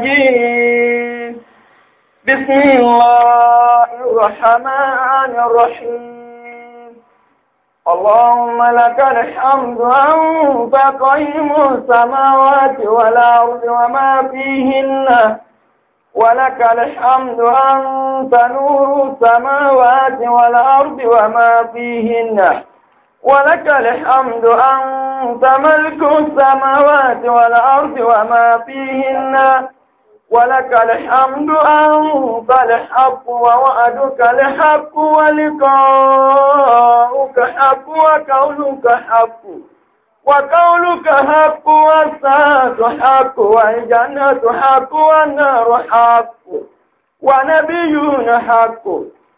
الرجيم بسم الله الرحمن الرحيم اللهم لك الحمد أنت قيم السماوات والأرض وما فيهن ولك الحمد أنت نور السماوات والأرض وما فيهن ولك الحمد أنت ملك السماوات والأرض وما فيهن ولك الحمد أنت الحق ووعدك الحق ولقاؤك حق وقولك حق وقولك حق والساعة حق والجنة حق والنار حق ونبيون حق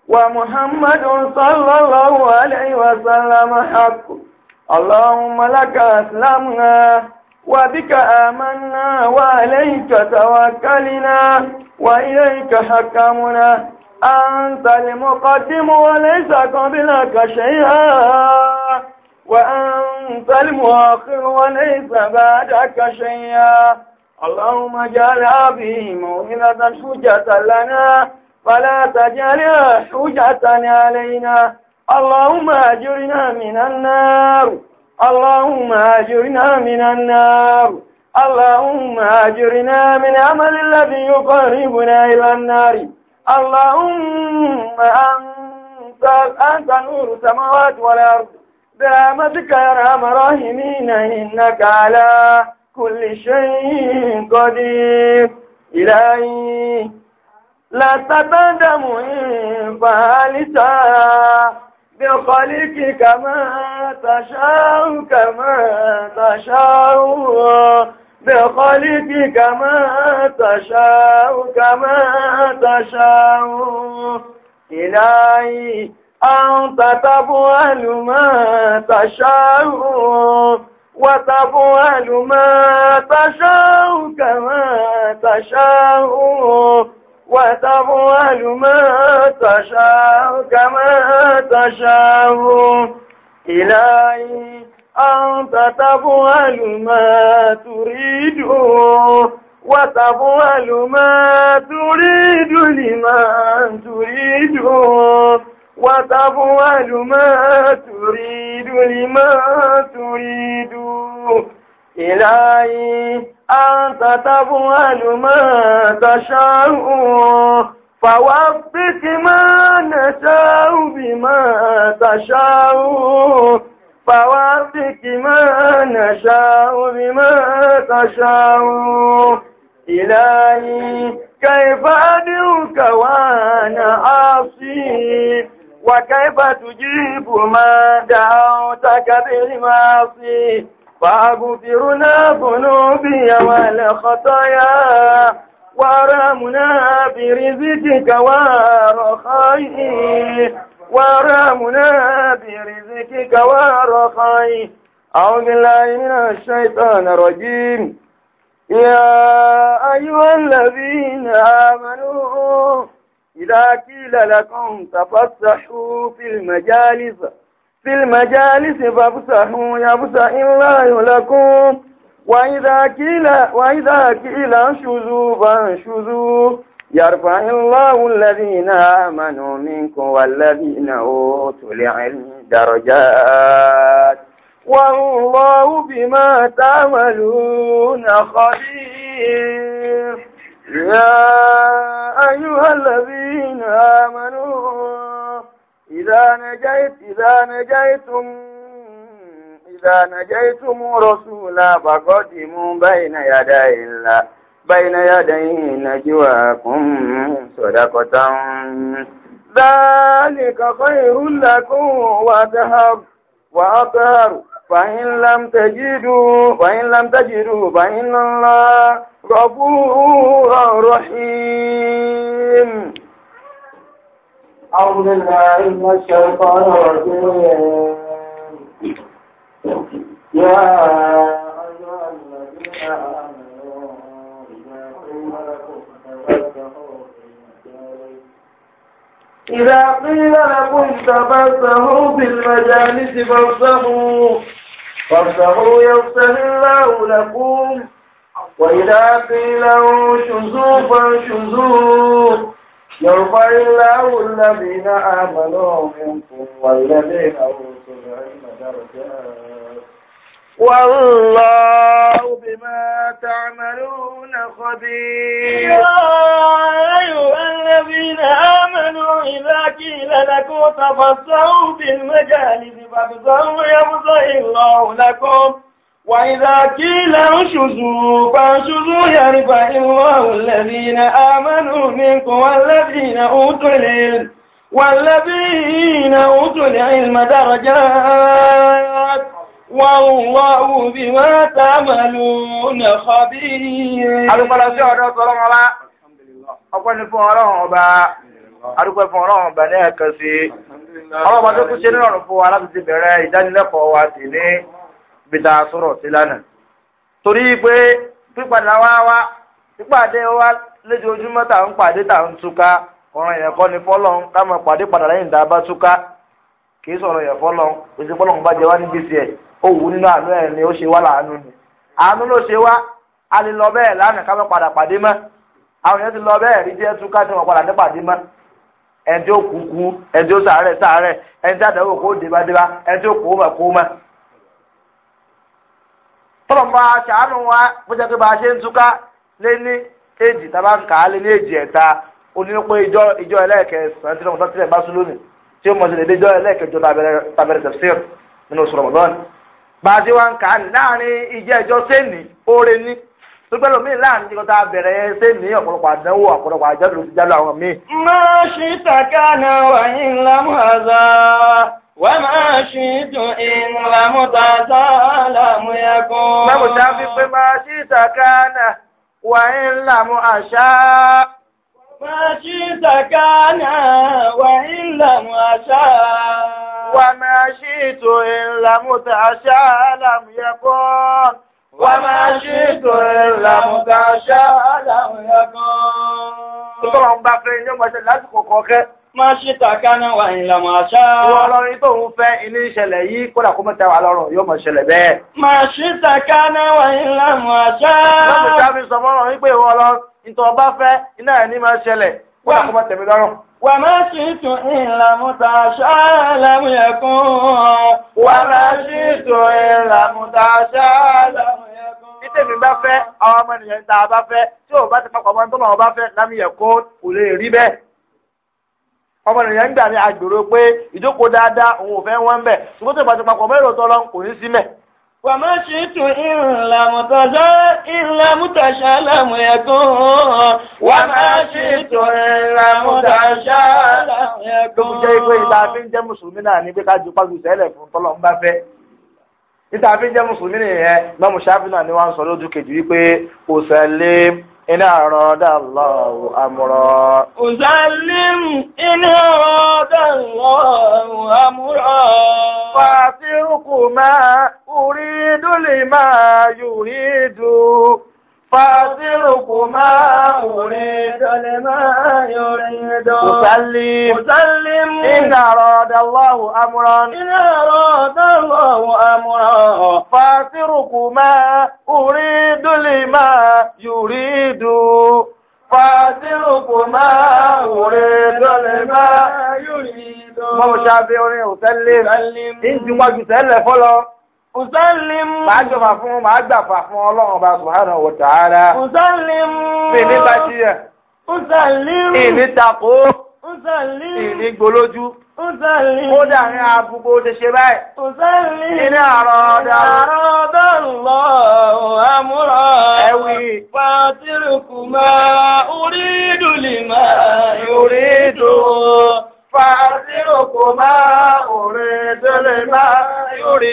ومحمد صلى الله عليه وسلم حق اللهم لك أسلمنا وبك آمنا وعليك توكلنا وإليك حكمنا أنت المقدم وليس قبلك شيئا وأنت المؤخر وليس بعدك شيئا اللهم اجعل هذه موئلة حجة لنا فلا تجعلها حجة علينا اللهم أجرنا من النار اللهم أجرنا من النار اللهم أجرنا من عمل الذي يقربنا إلى النار اللهم أنت, أنت نور السماوات والأرض برحمتك يا رحم الراحمين إنك على كل شيء قدير إلهي لا تتندم إن فعلت بخلقك ما تشاء كما تشاء بخلقك ما تشاء كما تشاء إلهي أنت تفعل ما تشاء وتفعل ما تشاء كما تشاء وتفعل ما تشاء كما تشاء إلهي أنت تفعل ما تريد وتفعل ما تريد لمن تريد وتفعل ما تريد لمن تريد إلهي أنت تفعل ما تشاء فوفق ما نشاء بما تشاء فوفق ما نشاء بما تشاء إلهي كيف أدعوك وأنا عاصي وكيف تجيب ما دعوتك بالمعصي فأغفرنا ذنوبي والخطايا ورامنا برزقك ورخائه ورامنا برزقك ورخائه أعوذ بالله من الشيطان الرجيم يا أيها الذين آمنوا إذا قيل لكم تفتحوا في المجالس في المجالس فافسحوا يفسح الله لكم وإذا كيل وإذا كيل شذوا فانشذوا يرفع الله الذين آمنوا منكم والذين أوتوا العلم درجات والله بما تعملون خبير يا أيها الذين آمنوا إذا نجيت إذا نجيتم إذا نجيتم رسولا فقدموا بين يدي الله بين يديه نجواكم صدقة ذلك خير لكم وأطهر وأطهر فإن لم تجدوا فإن لم تجدوا فإن الله غفور رحيم أعوذ بالله من الشيطان الرجيم يا أيها الذين آمنوا إذا قيل لكم تفسحوا في المجالس فافسحوا فافسحوا يفسح الله لكم وإذا قيل انشزوا فانشزوا يرفع الله الذين آمنوا منكم والذين أوتوا العلم درجات والله بما تعملون خبير يا أيها الذين آمنوا إذا قيل لكم في بالمجالس فابتغوا يبتغي الله لكم وإذا قيل انشزوا فانشزوا يرفع الله الذين آمنوا منكم والذين أوتوا العلم والذين أوتوا العلم درجات والله بما تعملون خبير Ọpẹ́ ni fún ọlọ́run ọba, arúgbẹ́ fún ọlọ́run ọba ní ẹ̀kan sí. Ọlọ́run ọba tó kú ṣe nínú ọ̀rọ̀ fún wa ti bẹ̀rẹ̀ ìdánilẹ́kọ̀ọ́ wa tèlé. bídà sọ̀rọ̀ sí lánàá torí pé pípadà wá wá pípàdé wá lójoojúmọ́ tà ń pàdé tà ń túká ọ̀ràn yẹn kọ́ ni fọ́lọ́n ká pàdé padà lẹ́yìn tá bá túká kìí sọ̀rọ̀ yẹn fọ́lọ́n kò sí fọ́lọ́n bá jẹ wá níbi ó wù nínú àánú ẹ̀ ni ó ṣe wá ni àánú ló ṣe wá a lè lọ bẹ́ẹ̀ lánàá ká padà pàdé mọ́ àwọn yẹn ti lọ kọ́lọ̀ bá ṣàánú wa bó jẹ́ pé bá a ṣe ń túká lé ní èjì tá a bá ń kà á lé ní èjì ẹ̀ta onílùpọ̀ ìjọ ìjọ ẹlẹ́ẹ̀kẹsàn tí wọ́n tilẹ̀ bá Ramadan bá a ti wá ń kà á láàrin ìjẹ́ ìjọ sẹ́ni oore ní tugbẹ́lò míì láàrin jíkan tá a bẹ̀rẹ̀ sẹ́ni ọ̀pọ̀lọpọ̀ àdánwò ọ̀pọ̀lọpọ̀ àjálù ti jálù àwọn míì. má ṣe tàkánà wàyí ńlá mọ́ وما شئت إن رمضت لم يكون ممتفق ما شئت كان وإن لم أشاء ما شئت كان وإن لم أشاء وما شئت إن لم تشاء لم يكن وما شئت إن لم تشاء لم يكن. Tọ́lọ́run bá fẹ́ yóò máa ṣe lásìkò kọ̀ọ̀kẹ́ máa ṣe tàkánà wà ìlànà àṣá. Wọ́n lọ́rin tó ń fẹ́ ilé ìṣẹ̀lẹ̀ yìí kódà kó mọ́ta wà lọ́rọ̀ yóò mọ̀ ṣẹlẹ̀ bẹ́ẹ̀. Máa ṣe tàkánà wà ìlànà àṣá. Lọ́pọ̀ tí a fi sọ mọ́rọ̀ wípé wọ́n lọ ìtọ̀ ọba fẹ́ iná ẹ̀ ní máa ṣẹlẹ̀ kódà kó mọ́ta mi lọ́rọ̀. Wà máa ṣe tún ìlàmúta ṣá lámúyẹ̀kún. Wà máa ṣe tún ìlàmúta ṣá lámúyẹ̀kún. Ìtẹ̀mí bá fẹ́, àwọn ọmọ ènìyàn ta bá fẹ́, tí ò bá ti papọ̀ mọ́ tó lọ́wọ́ bá fẹ́ lámúyẹ̀kún kò lè rí bẹ́ẹ̀ ọmọ ènìyàn gbà ní agbèrò pé ìjókòó dáadáa òun ò fẹ́ wọ́n bẹ̀ ṣùgbọ́n tó ìbàdàn papọ̀ mẹ́rin òtọ́ lọ́n kò ní sí mẹ́. wà á máa ṣe ètò ìlàmùtàṣà ìlàmùtàṣà lámù ẹ̀gún wà á máa ṣe ètò ìlàmùtàṣà lámù ẹ̀gún. ó jẹ́ pé ìta fi ń jẹ́ mùsùlùmí náà ní pé ká ju pálù tẹ́lẹ̀ fún tọ́lọ́ ń bá fẹ́ ìta fi ń jẹ́ mùsùlùmí nìyẹn mọ́mùsáfínà ni wọ́n ń sọ lójú kejì wípé kò sẹ́lẹ̀ إن أراد الله أمرا أسلم إن أراد الله أمرا وأترك ما أريد لما يريد فاترك ما أريد لما يريد مسلم مسلم إن أراد الله أمرا إن أراد الله أمرا فاترك ما أريد لما يريد فاترك ما أريد لما يريد mo ṣàbẹ̀ orin òtẹ́lẹ̀ ní ìjùmọ̀jù tẹ́lẹ̀ fọ́lọ́ Mùsálìmù. Màá jọba fún màá gbàfà fún Ọlọ́run ọba Subhanahu wa ta'ala. Mùsálìmù. Mi ní bá ti yẹ. Mùsálìmù. Ìní takò. Mùsálìmù. Ìní gbolójú. Mùsálìmù. Kódà ní abúgbò ṣe ṣe báyìí. Mùsálìmù. Ìní àrọ̀ ọ̀dà. Àrọ̀ ọ̀dà lọ àmúrọ̀. Ẹ̀wì. Fàtírùkù máa orí dùlì máa yorí dùn. Fàtírùkù máa orí dùlì máa yorí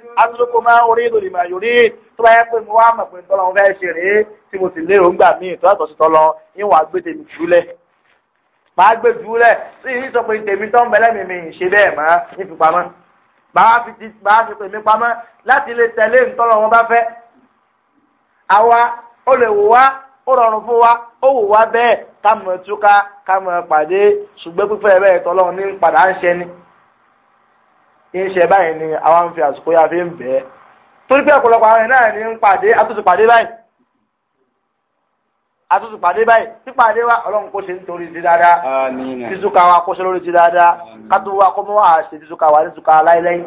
atúlùkù máa ń orí ìlú ìmọ̀ àyòrí tó bá yẹ pé mo wá mọ̀ pé tọ́lọ ń fẹ́ ṣe rèé tí mo sì lérò ń gbà míì tó yàtọ̀ sí tọ́lọ níwọ̀n agbéde mi jùlẹ̀ máa gbé jùlẹ̀ sí ìyí sọ pé tèmi tó ń bẹ̀lẹ̀ mi mi ṣe bẹ́ẹ̀ mọ́ ní fipamọ́ bàá fi ti bàá fi pè pamọ́ láti lè tẹ̀lé ntọ́lọ wọn bá fẹ́ àwa ó lè wò wá ó rọrùn fún wa ó wò wá bẹ́ẹ̀ ká mọ̀ túká ká mọ̀ pàdé ṣùgbọ́n pípẹ́ bẹ́ẹ̀ tọ́lọ́ ní padà ń ṣe ń ṣe báyìí ni àwọn ń fi àsìkò yá fi ń bẹ̀ ẹ́ torí pé ọ̀pọ̀lọpọ̀ àwọn ẹ̀ náà ní ń pàdé àtúntìpàdé báyìí àtúntìpàdé báyìí pípàdé wa ọlọ́run kó ṣe nítorí ti dáadáa títúkà wa kó ṣe lórí ti dáadáa kátó wa kó mọ́ wà ṣe títúkà wa nítúkà láíláí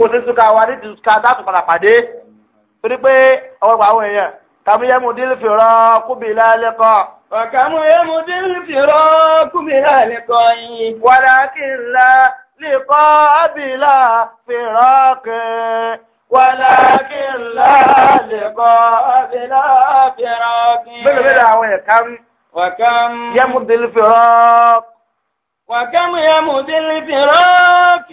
kó ṣe títúkà wa nítúkà dátùpadà pàdé torí pé ọ̀pọ̀lọpọ̀ àwọn èèyàn kàmúyẹ́mú dílfìrọ́ kúbìlá lẹ́kọ̀ọ́ وكم يمد الفراق بذلك ولكن لا لقاء بلا فراق ولكن لا لقاء بلا فراق بلا بلا كم وكم يمد الفراق وكم يمد الفراق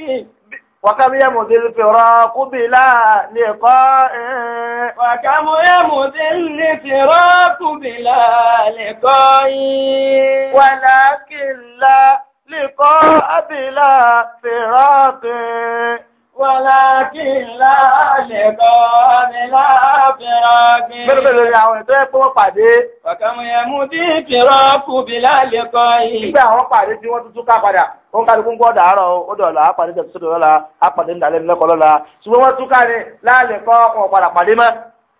وكم يمد الفراق بلا لقاء وكم يمد الفراق بلا لقاء ولكن لا لقاء بلا فراق ولكن لا لقاء بلا فراق bẹ́ẹ̀ bẹ́ẹ̀ lórí àwọn ẹ̀tọ́ ẹ̀pọ̀ wọ́n pàdé ọ̀kàmù ẹ̀mú dí fìrọ́kù bílá lẹ́kọ́ yìí nígbà àwọn pàdé tí wọ́n tuntun ká padà wọ́n kálukú ń gbọ́dọ̀ àárọ̀ ó dọ̀lá apàdé tẹ̀síṣẹ́ dọ̀lá apàdé ńdàlẹ́ ńlẹ́kọ̀ọ́ lọ́la ṣùgbọ́n wọ́n tún ká ní láàlẹ́kọ́ wọn padà pàdé mọ́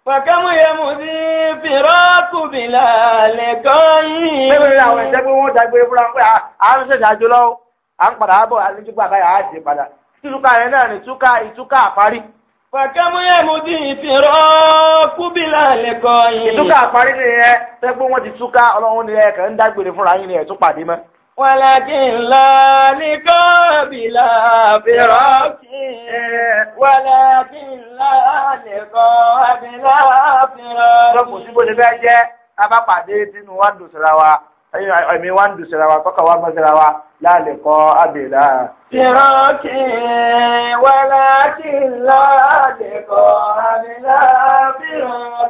Fọ̀kẹ́mú yẹ di sí fìrọ́kù bìlà lẹ́kọ́ yìí. Bẹ́ẹ̀ni àwọn ẹ̀jẹ̀ pé wọ́n dágbére fúnra pé à ń ṣẹ̀ṣẹ̀ àjò lọ́wọ́, à ń padà bọ̀ á padà. Títúkà rẹ̀ náà ni túkà ìtúkà àparí. Ìtúkà àparí ni ẹ, tẹ́gbọ́n wọn ti túkà ọlọ́run ni ẹ kàn ń fúnra yín ولكن لا نقابل فراق ولكن لا نقابل فراق lọ́pọ̀ síbò lè bẹ́ jẹ́ abápàdé nínú wá ń dùn síra wa ẹ̀mí wá ń dùn síra wa kọ́kọ́ wá ń bọ́ síra wa láàlẹ̀ kọ́ àbèlà. fìrọ́kì ولكن لا نقابل فراق.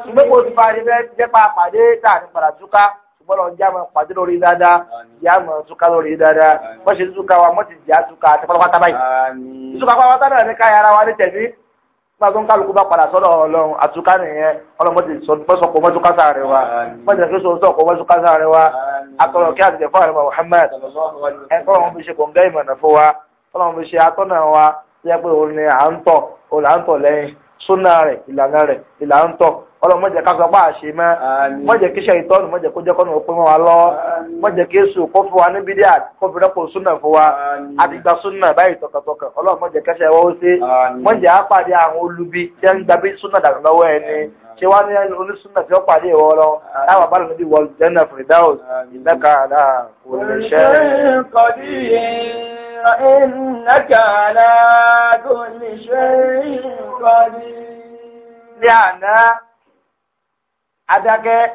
ṣùgbọ́n kò sí parí bẹ́ẹ̀ jẹ́ pa àpàdé tààrí padà túká bọ́lọ̀ ń jáàmù pàdé lórí dáadáa jáàmù túká lórí dáadáa wọ́n ṣe túká wa mọ́tì jà túká àti pátápátá báyìí. túká pátápátá náà ní káyà ara wa ní tẹ̀sí nígbà tó ń kálukú bá padà sọ́dọ̀ ọlọ́run àtúká nìyẹn ọlọ́mọdé sọ̀kò mọ́túká sáré wa mọ́tì kí sọ̀kò mọ́túká sáré wa akọ̀rọ̀ kí àtìjẹ́ fún àrẹ̀mọ̀ Muhammad ẹ̀kọ́ wọn fi ṣe kòǹgẹ́ ìmọ̀nà fún wa ọlọ́run fi ṣe atọ́nà wa yẹ pé òun ni à ń tọ̀ òun là ń tọ̀ lẹ́yìn súnà rẹ̀ ìlànà rẹ̀ ìlà ń tọ̀ ọlọ́mọdé káfíà pa àṣẹ mọ́ mọ́jẹ̀ kí ṣe ìtọ́nù mọ́jẹ̀ kó jẹ́ kọ́nù òpin wọn lọ mọ́jẹ̀ kí èso kó fún wa ní bídíà kó fi rẹ́pò súnà fún wa àti gba súnà báyìí tọkàntọkàn ọlọ́mọdé kẹsẹ̀ wọ́n ṣe mọ́jẹ̀ á pàdé àwọn olubi tí ń gba bí súnà dànù lọ́wọ́ ẹni ṣé wá ní onísúnà tí ó pàdé ìwọ lọ láwọn bá lọ́nà bí wọ́n jẹ́nà fìdáwọ̀ ìdáka àdá adákẹ́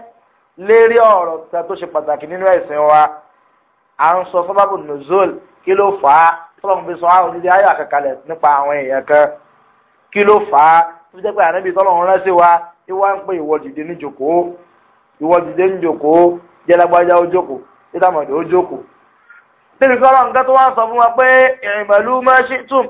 lérí ọ̀rọ̀ kan tó ṣe pàtàkì nínú ẹ̀sìn wa à ń sọ sábàbù nùzọ́l kí ló fà á tọ́lọ́mù fi sọ àwọn òdìdí ayọ̀ àkàkalẹ̀ nípa àwọn èèyàn kan kí ló fà á tó jẹ́ pé ànábì tọ́lọ́mù rán sí wa ìwà ń pè ìwọ dìde ní jòkóó ìwọ dìde ní jòkóó jẹ́lágbájá ó jókòó títàmọ̀dé ó jókòó. débi kọ́lọ́ nǹkan tó wá sọ fún wa pé ìrìnmọ̀lú máa ṣe tún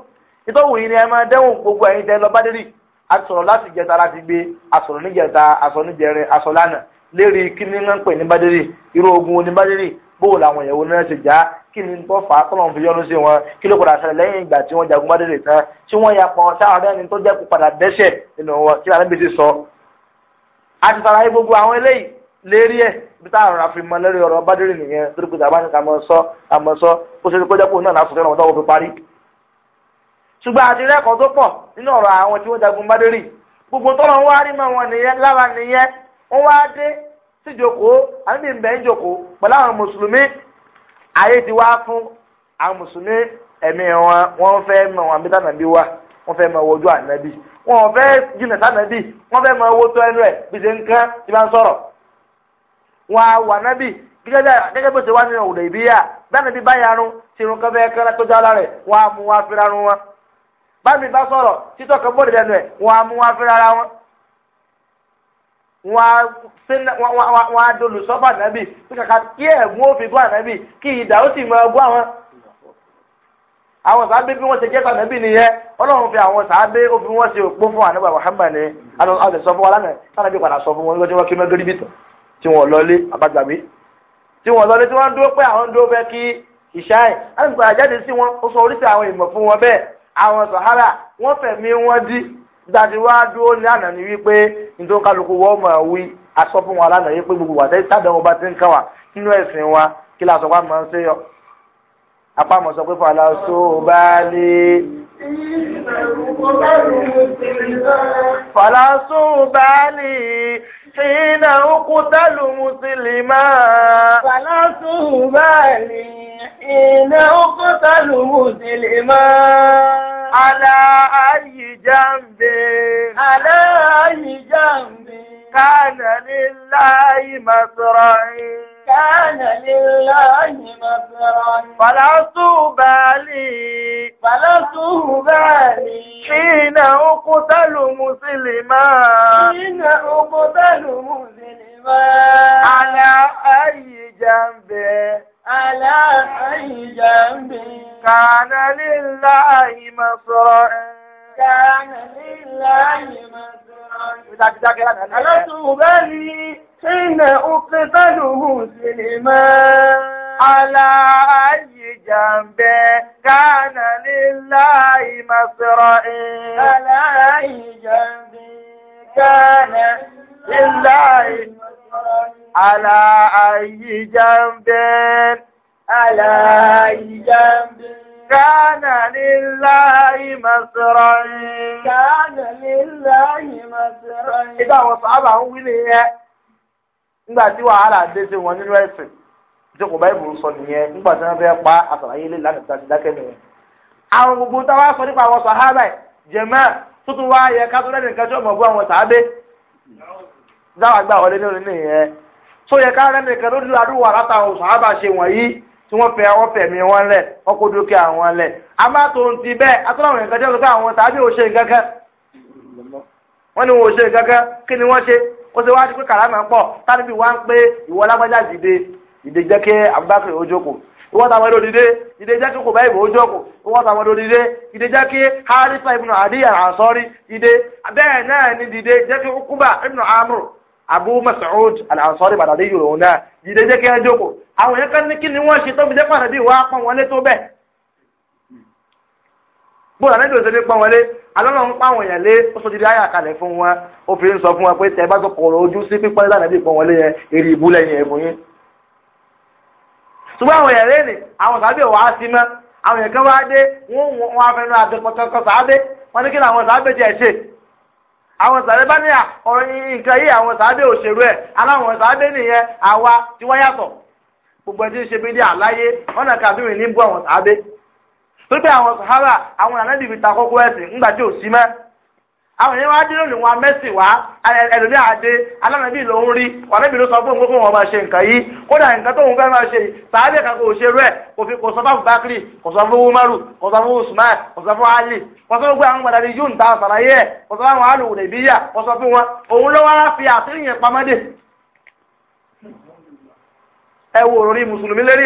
ìtọ́wò yìí ni ẹ máa dẹ́wọ̀n gbogbo ẹ̀yin tẹ lọ bá délì a sọ̀rọ̀ láti jẹta láti gbé asọ̀rọ̀ níjẹta asọ̀ níjẹrin asọ̀ lánàá lérí kí ni wọ́n ń pè ní bádẹ́rì irú ogun ní bádẹ́rì bóò làwọn ìyàwó náà ti já kí ni tó fà á tọ́lọ̀ fi yọ́nu sí wọn kí ló padà ṣẹlẹ̀ lẹ́yìn ìgbà tí wọ́n jagun bádẹ́rì tán tí wọ́n ya pọ̀ sáwọn ẹni tó jẹ́ kó padà dẹ́ṣẹ̀ nínú wọn kí làwọn bèsè sọ. a ti tara yé gbogbo àwọn eléyìí lérí ẹ̀ bí táwọn ará fi mọ lórí ọ̀rọ̀ bádẹ́rì nìyẹn torí pé tàbá ní kà mọ́ sọ kà mọ́ sọ kó ṣe kó jẹ́ kó náà láti fẹ́ràn wọn tó fi parí. ṣùgbọ́n àti rẹ́kọ̀ọ́ tó pọ̀ nínú ọ̀rọ̀ àwọn tí wọ́n jagun gbogbo tọ́lọ̀ ń wá rí mọ́ wọn nìyẹn lára nìyẹn wọ́n wá dé sí àbí ìbẹ̀ ń jókòó pẹ̀lú àwọn mùsùlùmí ayé ti wá fún àwọn mùsùlùmí ẹ̀mí wọn wọ́n fẹ́ mọ wọn àbí tànàbí wá wọ́n fẹ́ mọ ojú ànábì wọ́n fẹ́ jìnà wọ́n fẹ́ mọ owó tó ẹnu ẹ̀ bí ṣe ń kán tí bá ń sọ̀rọ̀ wọn á wà nábì bámi bá sọ̀rọ̀ títọ́ kan bóde lẹ́nu ẹ̀ wọ́n á mú fẹ́ rárá wọn. wọ́n dolù kàkà kí ànábì kí ìdá ó sì àwọn. àwọn sàábé bí wọ́n ṣe jẹ́ sànábì nìyẹn ọlọ́run fi àwọn sàábé wọ́n ṣe òpó fún ni alẹ́ sọ fún wa lánàá sànábì padà sọ fún wọn nígbà tí wọ́n bìtàn tí wọ́n àwọn sàhárà wọn fẹ̀mí wọ́n dí dájúwájú ó ní àná ní wípé ìdókàlùkù wọ́n mọ̀ wí aṣọ fún wa lánàá gbogbo wà tádàn ọba ti ń wá nínú ẹ̀sìn wa kí la sọ pé àmọ́ ṣe sọ pé bá حين أقتل مسلما فلا تهمالي حين أقتل مسلما على أي جنب على أي جنب كان لله مصرا كان لله مصرا فلا تبالي فلا تبالي حين أقتل مسلما حين أقتل مسلما على أي جنب على أي جنب كان لله مصرا كان لله حين أقبله مسلما على أي جنب كان لله مصرع على أي جنب كان لله على أي جنب على أي جنب كان لله مصرا كان لله مصرا إذا وصعبه وليه nígbà tí wàhálà dé sí wọn nínú ẹ̀sìn tí kò bá sọ nìyẹn nígbà tí wọ́n fẹ́ pa àtàlàyé lè lánàá dákẹ́ nìyẹn. àwọn gbogbo táwa sọ nípa àwọn sàhábà jẹ̀mọ́ tó tún wá yẹ ká tó nǹkan tí bú àwọn sàábé dáwà gbà wọlé nínú nìyẹn. tó yẹ ká nǹkan tí wọ́n fẹ́ wọ́n fẹ̀mí wọn lẹ̀ ọkọ̀ kó dúkìá wọn lẹ̀ a máa tó ń ti bẹ́ẹ̀ atọ́láwọn nǹkan jẹ́ lọ́kọ́ àwọn tàbí òṣè gẹ́gẹ́ wọ́n ní òṣè gẹ́gẹ́ kí ni wọ́n ṣe ó ti wá pé ń pọ̀ tánibí wá ń pé ìwọ lágbájá dìde ìdè jẹ́ kí dìde ìdè jẹ́ kí dìde Harifa ibùnà bẹ́ẹ̀ náà ni dìde Ukuba ibùnà abụ Mas'ud al-Ansari dị dé yòrò náà jíde jẹ́ kí wọ́n jókòó àwọn èèyàn kan ní kí ni wọ́n ṣe tó fi jẹ́ pàdé bí wàá pọ́n wọlé tó bẹ́ẹ̀ bóyá lẹ́dí òṣèlú ní pọ́n wọlé alọ́nà ń pàwọn èèyàn lé ó sọ ti di kalẹ̀ fún wọn ó sọ fún wọn pé tẹ bá tó kọ̀rọ̀ ojú sí pípọ́n lánà bí pọ́n wọlé yẹn èrè ìbú lẹ́yìn ẹ̀fún yín ṣùgbọ́n àwọn èèyàn àwọn sí mọ́ àwọn sàbẹ́ bá ní ọ̀rọ̀ nǹkan yìí àwọn sàbẹ́ òṣèrú ẹ̀ aláwọn sàbẹ́ nìyẹn àwa tí wọ́n yàtọ̀ gbogbo ẹni tí ń ṣe bí ní àláyé ọ̀nà kàdúrì ní bú àwọn na tó pé àwọn sàhábà àwọn àwọn èèyàn wá dé lónìí wọn mẹ́sì wá ẹlòmí àdé alánàbí ló ń rí wàlẹ́bí ló sọ fún òun kókó wọn máa ṣe nǹkan yìí kódà nǹkan tóun fẹ́ máa ṣe sàábì kan kò ṣe rẹ̀ kò sọ fún Bakri kò Umaru kò sọ fún Usman kò sọ fún Ali kò sọ fún àwọn gbàdàrí yóò ń ta àṣàlàyé ẹ̀ kò sọ fún àwọn alùwò nàìjíríà kò sọ fún wọn òun ló wá fi pamọ́dé ẹ wo mùsùlùmí lérí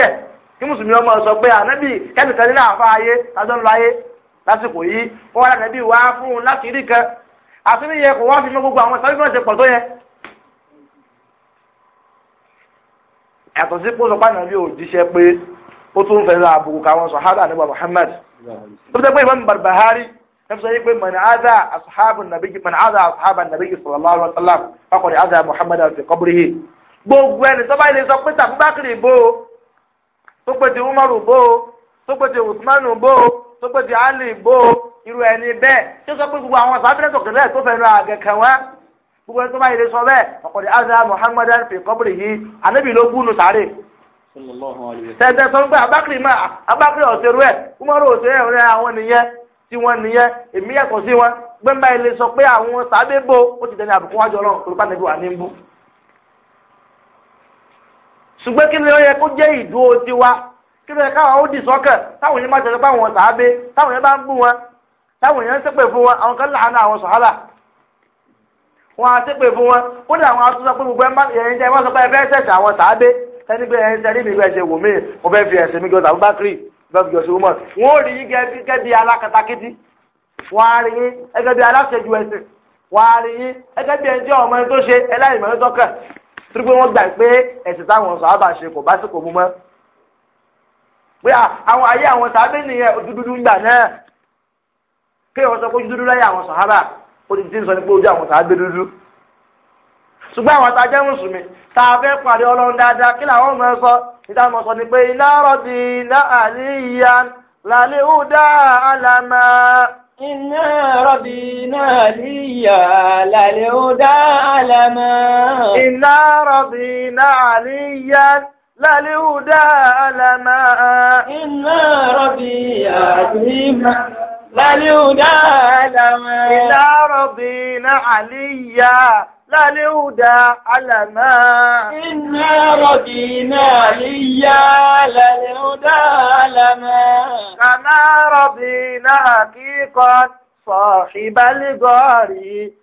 sọ pé ànábì kẹ́mìkan lásìkò yìí àfi ní yẹ kò wá fi mọ́ gbogbo àwọn sáré náà ṣe pọ̀ tó yẹ. yàtọ̀ sí ò jíṣẹ́ pé ó tún fẹ́ lọ àbùkù káwọn nígbà Muhammad fi pé fi sọ pé mọ̀nà áza nàbí áza pé bó irú ẹni bẹ́ẹ̀ tí ó sọ pé gbogbo àwọn sàbẹ̀rẹ̀ tó kẹlẹ́ tó àgẹ̀kẹ̀ wá gbogbo ẹni tó ilé sọ bẹ́ẹ̀ ọ̀pọ̀dé azza muhammad fi kọ́bùrì yìí anábì ló gúnnu sáré. tẹ̀tẹ̀ sọ pé abákìrì máa abákìrì ẹ̀ ọ̀sẹ̀ àwọn nìyẹn tí wọ́n nìyẹn èmi sí wọn gbẹ́mbà ilé sọ pé àwọn bò ó ti dẹni àbùkù ọlọ́run ni bá táwọn èèyàn ṣépè fún wọn àwọn kan láàánú àwọn sọ̀hálà wọn á ṣépè fún wọn ó dà àwọn atúnṣe pé gbogbo ẹ̀yìn jẹ́ wọ́n sọ pé ẹ fẹ́ ṣẹ̀ṣẹ̀ àwọn tàbí ẹni pé ẹ̀yìn sẹ́ni nígbà ẹ̀ṣẹ̀ wò mí mo fẹ́ fi ẹ̀ṣẹ̀ mi jọ tàbí bákìrì bẹ́ẹ̀ fi jọ sí wọ́n mọ̀ wọ́n rí yín gẹ́gẹ́ bí alákatakítí wọ́n á rí yín gẹ́gẹ́ bí aláṣẹjù ẹ̀sìn wọ́n á rí yín gẹ́gẹ́ bí ẹni tí ọmọ ẹni tó ṣe ẹlẹ́yìnmọ́ ẹni tọ́kàn bá sí kò kí wọ́n sọ pé ojú dúdú láyé àwọn sàhábà ó ti dín sọ ní pé ojú àwọn sàhábà dúdú ṣùgbọ́n àwọn tàjẹ́ mùsùlùmí tá a fẹ́ pàdé ọlọ́run dáadáa kí làwọn ọmọ ẹ sọ níta mọ̀ sọ ni pé iná rọ̀bì iná àlìyá làlẹ́ ó dá àlàmà. iná rọ̀bì iná àlìyá làlẹ́ ó dá àlàmà. iná rọ̀bì iná àlìyá làlẹ́ ó dá àlàmà. iná rọ̀bì àlìyá. لا علما إلى رضينا عليا لا علما إنا رضينا عليا لا لهدى علما كما رضينا حقيقا صاحب الغاري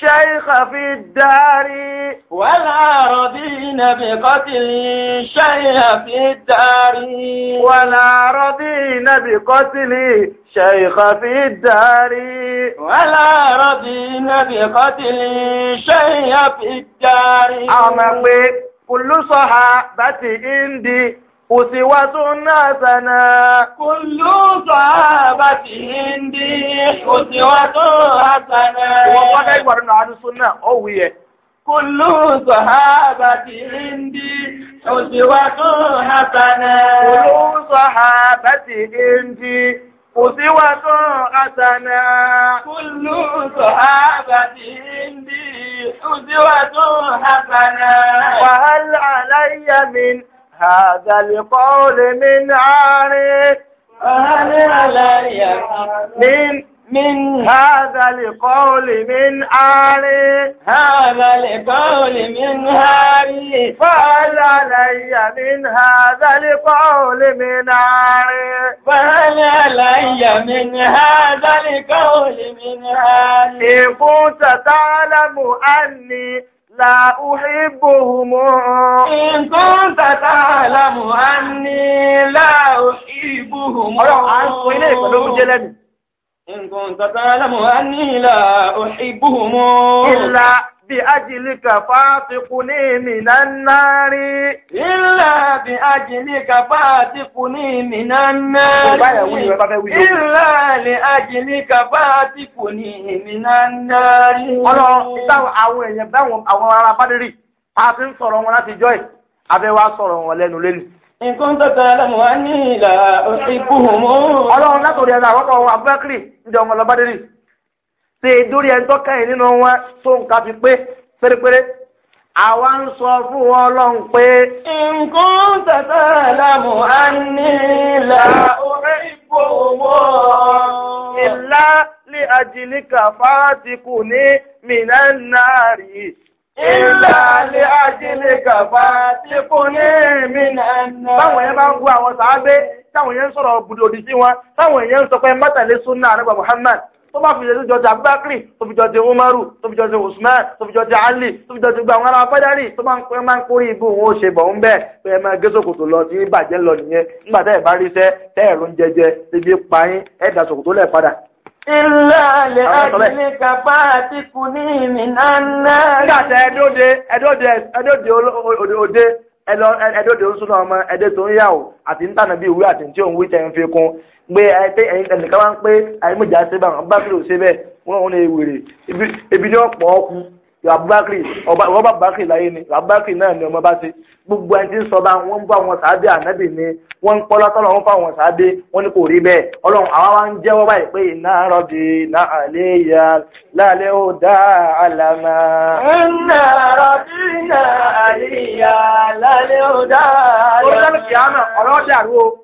شيخ في الدار ولا بقتل شيخ في الدار ولا بقتل شيخ في الدار ولا بقتل شيخ في الدار أعمق كل صحابة عندي أسوة حسنة كل صحابة هندي أسوة حسنة وقد أكبرنا عن السنة أوه كل صحابة عندي أسوة حسنة كل صحابة عندي أسوة حسنة كل صحابة عندي أسوة حسنة وهل علي من هذا القول من عارف هل علي من من هذا لقول من عاري هذا لقول من هاري فهل علي من هذا لقول من عاري فهل علي من هذا لقول من هاري إن كنت تعلم أني لا أحبهم إن كنت تعلم أني لا أحبهم إن كنت تعلم أني لا أحبهم إلا بأجلك فاعتقني من النار إلا بأجلك فاعتقني من النار إلا لأجلك فاعتقني من النار Ọlọ́run ìtàwọn àwọn èèyàn báwọn àwọn ará bádìrí a ti ń sọ̀rọ̀ wọn láti jọ́ ẹ̀ abẹ́wà sọ̀rọ̀ wọn lẹ́nu lẹ́nu. Nǹkan tó tẹ́ lẹ́nu wá ní ìlà ìkú mú. Ọlọ́run látòrí ẹ̀rọ àwọn ọmọ Abubakar ń jẹ́ ọmọ lọ bádìrí. tí dórí ẹ̀ tó kẹ́yìn nínú wọn tó ń ka pé pérépéré àwa ń sọ fún wọn pé. nǹkan tẹ̀tẹ̀ lámù á ní orí ìfowópamọ́. ìlà lè ní mìíràn i. Ìlà lè ní mìnà Báwọn yẹn ń àwọn táwọn yẹn ń sọ̀rọ̀ sí wọn, táwọn yẹn ń sọ pé tó bá fi ṣe tó jọ ti abubakar tó fi jọ ti umaru tó fi jọ ti usman tó fi jọ ti ali tó fi jọ ti gba àwọn ará fẹ́dárì tó máa ń kórí ibú òun ó ṣe bọ̀ ń bẹ́ẹ̀ pé ẹ máa gé sòkòtò lọ tí bàjẹ́ lọ nìyẹn nígbà tẹ́ ẹ̀ bá rí iṣẹ́ tẹ́ ẹ̀ ló ń jẹjẹ ebi pa yín ẹ̀ dà sòkòtò lẹ̀ padà. ilé alẹ́ ajílẹ̀ kàbá àti kùnì nìyànnà. nígbà tẹ ẹdóde ẹdóde ẹdóde òde ẹdóde oṣù náà ọmọ ẹdẹ tó ń yà ó àti ń tànà bí ìwé àti tí òun wí tẹ ń fi kún pé ẹnìkan wá ń pé àìmọ̀já ṣe bá bákìrì ò ṣe bẹ́ẹ̀ wọ́n wọn lè wèrè ibi ní ọ̀pọ̀ ọkùn àbúbákìrì ọba bákìrì láyé ni àbúbákìrì náà ni ọmọ bá ṣe gbogbo ẹni tí ń sọ bá wọ́n ń bá wọn sàádé ànábì ni wọ́n ń pọ́ lọ́tọ́lọ́ wọn fáwọn sàádé wọ́n ní kò rí bẹ́ẹ̀ ọlọ́run àwa wá ń jẹ́wọ́ báyìí pé iná rọ̀bì iná àléyà lálẹ́ ó dá àlàmà. iná rọ̀bì iná àléyà lálẹ́ ó dá àlàmà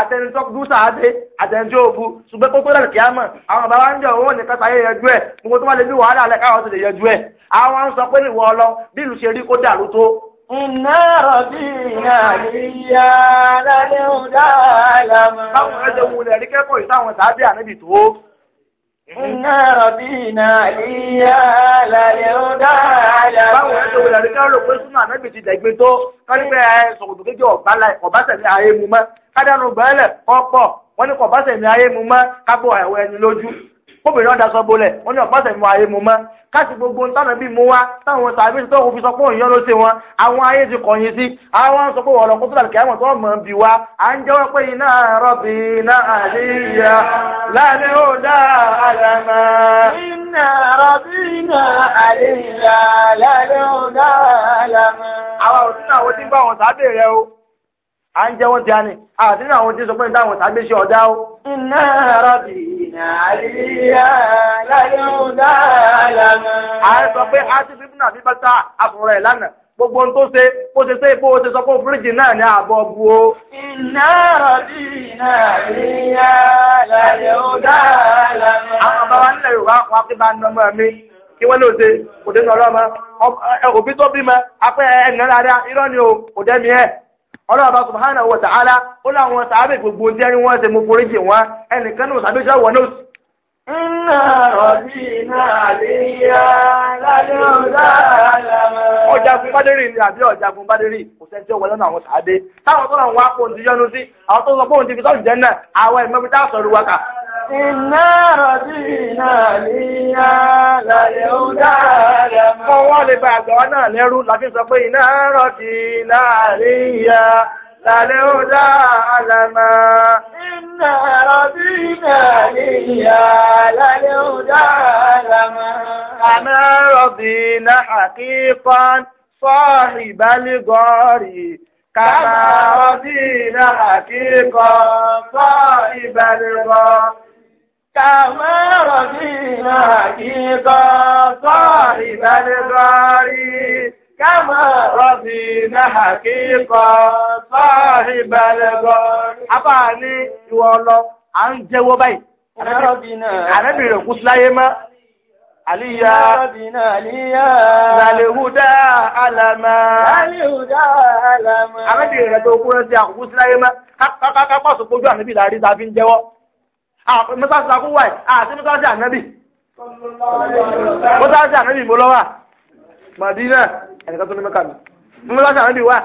àtẹni tó kú sàádé àtẹni tí ó bu ṣùgbọ́n kó tó rẹ̀ kí á mọ̀ àwọn bàbá ń jọ owó nìkan sáyé yẹjú ẹ̀ gbogbo tó wà lè bí wàhálà alẹ́ káwọn ti lè yẹjú ẹ̀ àwọn ń sọ pé ìwọ ọlọ bí ìlú ṣe rí kó dàrú tó. iná rọ̀bì iná rọ̀bí iná ìyá lálẹ́ ó dáadáa. báwo ẹ sọ̀rọ̀ ìlànà kárò pé súnmọ́ ànábì ti dẹ̀gbẹ́ tó kọ́nípẹ́ sọ̀kòtò kéjọ ọ̀básẹ̀mí ayé mu mọ́ kádánù gbẹ́lẹ̀ ọ̀pọ̀ wọ́n ní kọ̀básẹ̀mí ayé mu mọ́ kábọ̀ ẹ̀wọ̀ ẹni lójú obìnrin ọ̀dà sọ bolẹ̀ wọ́n ní ọ̀pọ̀sẹ̀ mú ayé mu mọ́ káàsì gbogbo tánà bí mú wá táwọn sàbí tó fi sọ pé òyìn ló ṣe wọn àwọn ayé ti kọ̀yìn sí àwọn sọ pé wa à ń jẹ́wọ́ pé iná iná ó dá iná iná ó dá tí a ní àti ní àwọn tí o. Ààrẹ sọ pé a ti bíbùnà bí bá tá àfúnrẹ̀ lánàá. Gbogbo ohun tó ṣe, ó ṣe ṣe ipò ó ṣe sọ pé fíríjì náà ní àbọ̀ bu o. Iná rọ̀bí náà rí yá lálẹ́ ó dáadáa. Àwọn bàbá nílẹ̀ Yorùbá wọn fi bá ń nọmọ mi kí wọ́n lóòṣe kò dé nà ọlọ́mọ. Òbí tó ni o, kò dẹ́mi ọlọ́ọ̀bá subhanahu wa ta'ala ó láwọn sàábẹ̀ gbogbo tí ẹni wọ́n ṣe mú foríjì wọn ẹnìkan náà sàábẹ̀ ṣọ́wọ́ náà Iná ọ̀bí iná àlèyà lálẹ́ ọ̀dá àlàmà. Ọjà fún Bádérì ni àbí ọjà fún Bádérì kò sẹ́ tí ó wọlé náà àwọn iná rọ̀dí iná níyà lálẹ́ ó dáadáa mọ́. Kọ́ wọ́n lè bá àgbà wa náà lẹ́rú láti sọ pé iná rọ̀dí iná níyà lálẹ́ ó dáadáa mọ́. Iná rọ̀dí iná níyà lálẹ́ ó dáadáa mọ́. Àmọ́ rọ̀dí iná àkíkan sọ́ọ̀rì bá lè gọ́ọ̀rì. كما رضينا حقيقا صائب الغار كما رضينا إذا صاحب الغاري كما رضينا حقيقة صاحب الغاري أباني يوالله عن جوا بي أنا بيرو كسلا يما عليا عليا للهدى علما للهدى علما أنا بيرو كسلا يما كاكا كاكا كاكا سبوجو أنا بيرو كسلا يما mọ́sáàsì àkúwà àti mọ́sáàsì ànábì mọ́sáàsì ànábì ìbò lọ́wà màdínà ẹ̀nìkan tó ní mẹ́kà mi mọ́sáàsì ànábì wà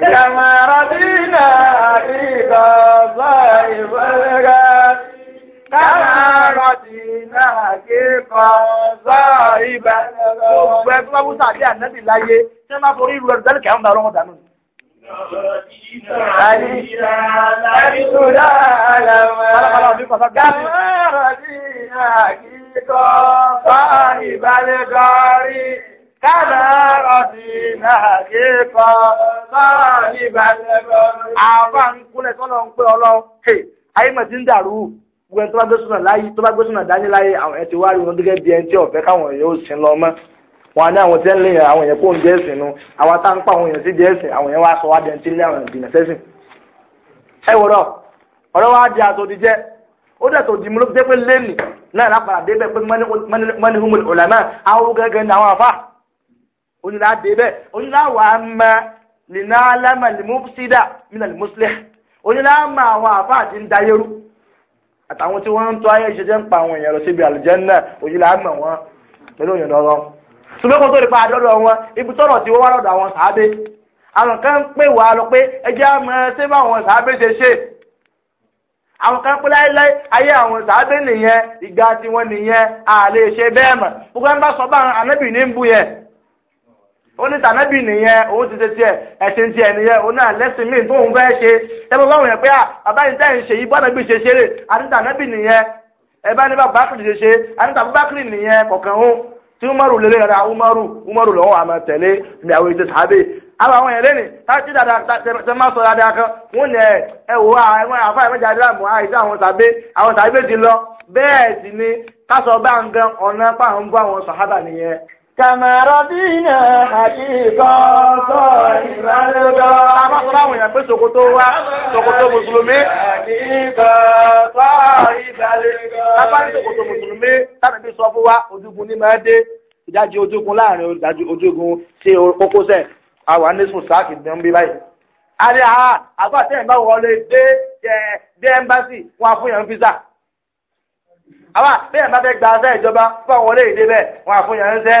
Kàmàràdínà ìgbàgbà ìfẹ́lẹ́gà Kàmàràdínà ìgbàgbà ìbẹ̀lẹ́gà Gbogbo ẹgbẹ́ wọ́n bú sàdé ànábì láyé tí wọ́n máa forí ìrù ẹ̀rù dálẹ̀kẹ̀ àwọn ọmọdé Kàdà rọ̀dì náà kíkọ sọ́ọ̀lì balẹ̀bọ̀. Àwọn àǹkúnlẹ̀ tọ́lọ ń pẹ́ ọlọ́run, hey, ayé mẹ̀ ti ń dàrú, gbogbo ẹni tó bá gbé láyé, tó bá gbé dání láyé, àwọn ẹ̀ ti wá rí wọn gẹ́gẹ́ bí ẹni tí wọn ní àwọn tí ń léyìn àwọn èèyàn kó ń jẹ́sìn nu àwọn tá ń pa àwọn èèyàn sí jẹ́sìn àwọn èèyàn wá sọ wá dẹni tí ń lé àwọn ìdìnà sẹ́sìn. ẹ wòrọ ọ̀rọ̀ wa di àtòdì jẹ́ ó dẹ̀ tó di mú ló jẹ́ pé lẹ́nì náà lápàdà débẹ̀ pé mọ́ni humul ulama àwọn gẹ́gẹ́ ní àwọn àfà onílà débẹ̀ onílà wà á mọ lìnà alámà lìmúsídà mìnà lìmúsílẹ̀ onílà mọ àwọn àfà àti ń dayérú àtàwọn tí wọ́n ń tọ́ ayé ìṣẹ́jẹ́ ń pa àwọn èèyàn lọ síbi àlùjánnà onílà mọ wọn pẹ̀lú òyìnbó ọlọ́run ṣùgbọ́n tó lè pa àdọ́dọ̀ wọn ibi tọ́rọ̀ tí ó wá lọ́dọ̀ àwọn sàábé àwọn kan ń pè wá lọ pé ẹjẹ́ àmọ́ ṣé bá àwọn sàábé ṣe ṣe àwọn kan pé láíláí ayé àwọn sàábé nìyẹn ìgbà tí wọ́n nìyẹn a lè ṣe bẹ́ẹ̀ mọ̀ gbogbo ẹ̀ ń bá sọ bá ànábì ní ń bu yẹn ó ní tànábì nìyẹn òun ti ṣe ẹ̀sìn tiẹ̀ nìyẹn òun náà lẹ́sìn míì fẹ́ ṣe tí umaru lè rẹ̀ umaru umaru lọ́wọ́ àmà tẹ̀lé ìyàwó ètò tàbí àwọn àwọn ẹ̀rẹ́ ni láti dada tẹ máa sọ dáadáa kan wọ́n ní ẹ̀wọ́ àwọn àfà ìmọ̀jà ìdáàmú àìsí àwọn tàbí àwọn tàbí ti lọ bẹ́ẹ̀ sì ni kásọ̀ bá ń gan ọ̀nà pàǹbọ̀ àwọn sàhábà nìyẹn Kàmà rọ̀bínà àkíkọ́ sọ ìrànlọ́gbọ́. A máa sọ láwọn èèyàn pé ṣòkòtò wa, ṣòkòtò Mùsùlùmí. Àkíkọ́ sọ ìrànlọ́gbọ́. Lápá ní ṣòkòtò Mùsùlùmí, tánàbí sọ fún wa, ojúgun ní máa dé, ìdájí ojúgun láàrin ojúgun tí kókósẹ̀, àwa ní sùn sáàkì dán bí báyìí. A ní àá, àgbà tẹ́yìn bá wọlé dé ẹ́mbásì, wọn á fún yàn físà àwa bẹ́ẹ̀ bá fẹ́ gba afẹ́ ìjọba fún àwọn olóyè débẹ̀ wọn àfúnyàn ń sẹ́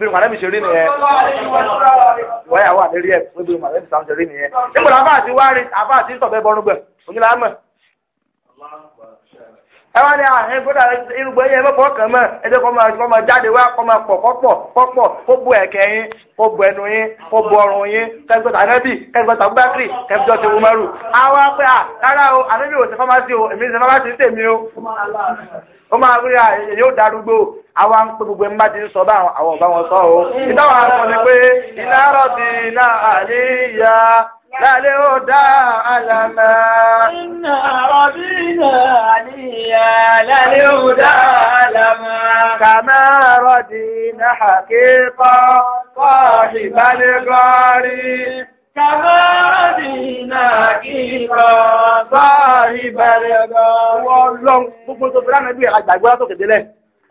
bí ìmọ̀ àrẹ́bì ṣe rí nìyẹn wọ́yà wà lérí ẹ̀ níbi ìmọ̀ àrẹ́bì sàm ṣe rí nìyẹn nígbà àbá àti wá rí àbá àti sọ̀bẹ́ onílàámẹ̀ ẹ wá ní àhẹ ah, gbọ́dọ̀ irúgbọ́ yẹn mọ́ fọkàn mọ́ ẹ jẹ́ kó máa kó máa jáde wá kó máa pọ̀ kọ́pọ̀ kọ́pọ̀ kó bu ẹ̀kẹ́ yín kó bu ẹnu yín kó bu ọrùn yín kẹ́gbẹ́ tànẹ́bì kẹ́gbẹ́ tàbúbákìrì kẹ́gbẹ́ tó wúmọ́rù. àwa pé à ah, rárá o ànábì ò ṣe fámásì o èmi ṣe fámásì ń tèmi o. ó máa rí à ah, yóò darúgbó àwa ń pè gbogbo ẹ̀mbá ti ń sọ bá àwọn ọ̀bá wọn sọ o. ìdáwà lálẹ́ ó dá àlàmà. Iná ọbí náà níyà lálẹ́ ó dá àlàmà. Kàmá rọ̀dì náà kíkọ́ kọ́ ìbálégọ́rí. Kàmá rọ̀dì náà kíkọ́ kọ́ ìbálégọ́rí. Wọ́n lọ́n gbogbo tó fi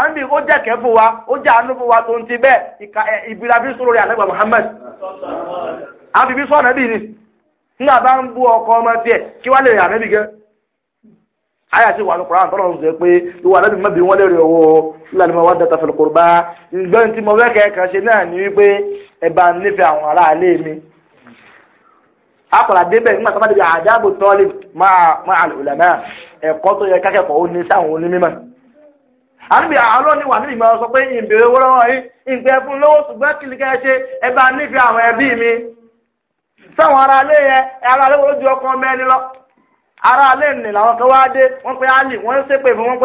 àmì ó jẹ́ kẹ́ fún wa ó jẹ́ àánú wa tó ń ti bẹ́ẹ̀ ìbíra bí sọ̀rọ̀ rẹ̀ àlẹ́gbà Muhammad àfi bí sọ̀nà bíi ni nígbà bá ń bú ọkọ ọmọ tiẹ̀ kí wá lè rìn àmì gẹ́ ayé àti ìwà lùkùrán tọ́lọ̀ ń sọ pé ìwà lẹ́bi mọ́bi wọ́n lè rí owó fúlàní mọ́ wọ́n dẹ́ta fẹ̀lẹ̀ kórìbá ìgbẹ́ tí mo fẹ́ kẹ́kẹ́ ṣe náà ni wípé ẹ̀bà nífẹ̀ẹ́ àwọn aráalé mi akọ̀là débẹ̀ nígbà tó bá débi àjábò àníbi àlọ́ ní wà níbi ìmọ̀ sọ pé ìbèrè owó lọ́wọ́ yìí ìgbẹ́ fún lówó ṣùgbọ́n kìlì kẹ́ ṣe ẹ bá nífẹ̀ẹ́ àwọn ẹbí mi sáwọn ará ilé yẹn Ara ilé olójú ọkọ mẹ́ni lọ ara ilé nì làwọn kan wá dé pe ali wọ́n ṣépè fún wọn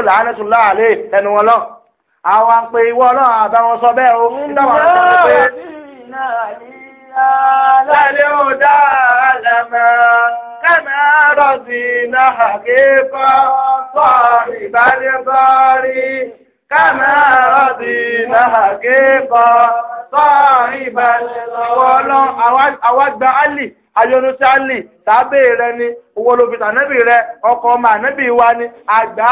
tún كما رضينا حقيقا صاحب الباري كما رضينا حقيقا صاحب الغلام أود علي ayọ́nú sáàlì taa rẹ ni owó ló fi tànẹ́bì rẹ ọkọ̀ ọmọ wa ni àgbà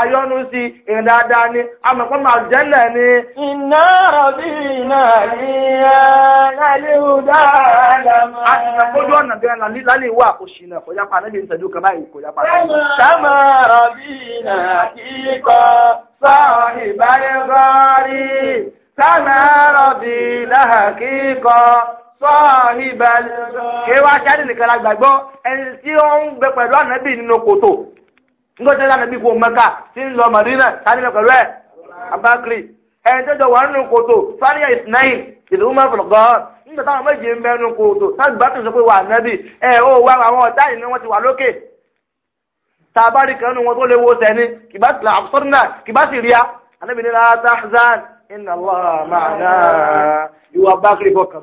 ayọ́nú sí ni amọ̀pọ̀ máa jẹ́lẹ̀ ni. iná rọ̀bì náà ní ẹ̀ẹ́dẹ́lẹ́ ìdáàlámà. a ti sọ kójú ọ̀nà bí ẹ̀nà lálẹ́ ìwà kò ṣìnà kò yapa ànẹ́bì ń kan báyìí kò yapa. sámà rọ̀bì náà kíkọ sọ̀rọ̀ ìbáyẹ̀ gọ́rí sámà rọ̀bì kíkọ sọ́ọ̀hìbẹ̀lì kéwàá ṣáàdì nìkan la gbàgbọ́ ẹni tí ó ń gbé pẹ̀lú ànábì nínú kòtò nígbà tí ànábì kò Mẹ́kà tí ń lọ Màdínà ṣáàdì mẹ́kà rẹ̀ abákiri ẹni tó jọ wà nínú kòtò saniya isnayin ìlú mẹ́fọ̀lọ́ gan nígbà táwọn méjì ń bẹ nínú kòtò sáàdì bá tún sọ pé wà ànábì ẹ ó wá àwọn ọ̀tá yìí ni ti wà lókè tàbárí kan nínú wọn tó léwo sẹ́ni kìbá sì là àbùsọ́nà kìbá sì tahzan inna Allah ma'ana ìwà bákiri fọkàn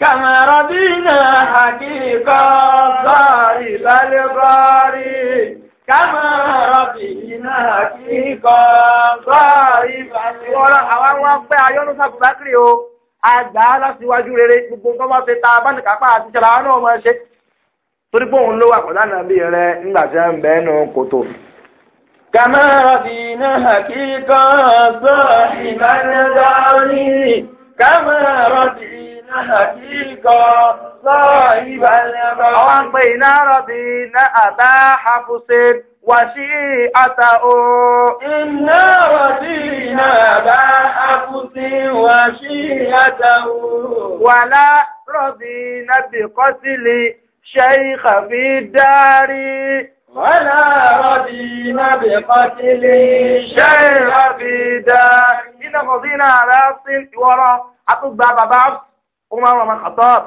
كما رضينا حقيقا صائب الغاري كما رضينا حقيقا صائب الغاري àwọn wọn pẹ́ na sàbùbákìrì o àgbà lásìwájú rere gbogbo tó bá ti ta abánìkápá torí pé òun ló wà pẹ̀lú ànábì rẹ nígbà tí ń bẹ nù kòtò. حقيقة صاحب بين ربنا أبا حفص وشيعته إنا رضينا بحفظ وشيعته ولا رضينا بقتل شيخ في الدار ولا رضينا بقتل شيخ في الدار إنا رضينا على أفصل ورا أتبع بابا Umar ọmọ Khattab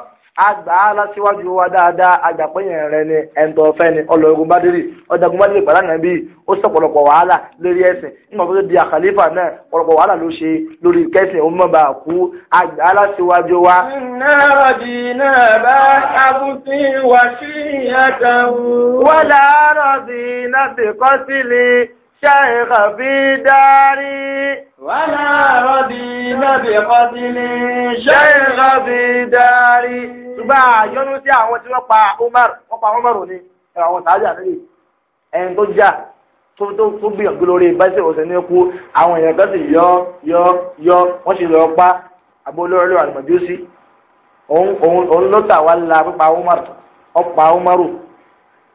àgbà aláṣíwájú wa dáadáa àgbàpẹ́yìn rẹ ni ẹ̀ńtọ́ ọ̀fẹ́ ni ọlọ́ọ̀gùn bádìrì ọjàgùn bádìrì pẹ̀lú àná bíi ó sọ̀pọ̀lọpọ̀ wàhálà lórí ẹ̀sìn nígbà tó di àkàlífà náà ọ̀pọ̀lọpọ̀ wàhálà ló ṣe lórí kẹ́sìn ó mọ̀ba kú àgbà aláṣíwájú wa. náà di náà bá abúté wá sí ìyá kan. wọ́n láàárọ̀ sí náà الشيخ في داري ولا رضينا بقتل الشيخ في داري ṣùgbọ́n àyọ́nú tí àwọn tí wọ́n pa Umar wọ́n pa Umar ní àwọn tàájà nílé ẹni tó já tó gbìyànjú lórí báṣẹ́ òṣè ní ẹkú àwọn èèyàn kan sì yọ yọ yọ wọ́n sì lọ pa abolóró àlùmọ̀jú sí òun ló tà wá la pípa Umar ọ̀pá Umaru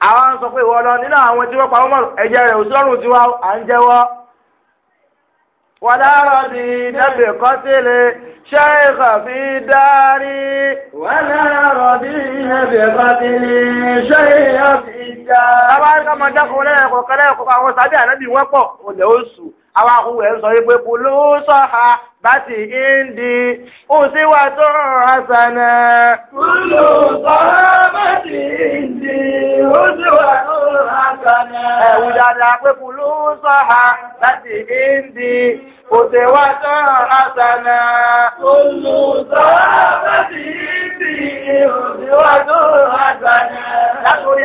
àwọn sọ pé ìwọ lọ nínú àwọn tí wọ́n pa ọmọ ẹ̀jẹ̀ rẹ̀ òṣìlọ́rùn tiwa à ń jẹ́wọ́ wàdárọ̀ di dẹ́bẹ̀ kọ́tílẹ̀ ṣe ìkàfí dárí wàdárọ̀ di dẹ́bẹ̀ kọ́tílẹ̀ ṣe ìkàfí dárí àwọn akúwò ẹ̀ sọ wípé kò ló sọ́ha láti ìndí ó sì wà tó hasana kò ló sọ́ha láti ìndí ó sì wà tó hasana ẹ̀wù dáadáa pé kò ló sọ́ha láti ìndí ó sì wà tó hasana kò láti ìndí ó sì wà tó hasana látòrí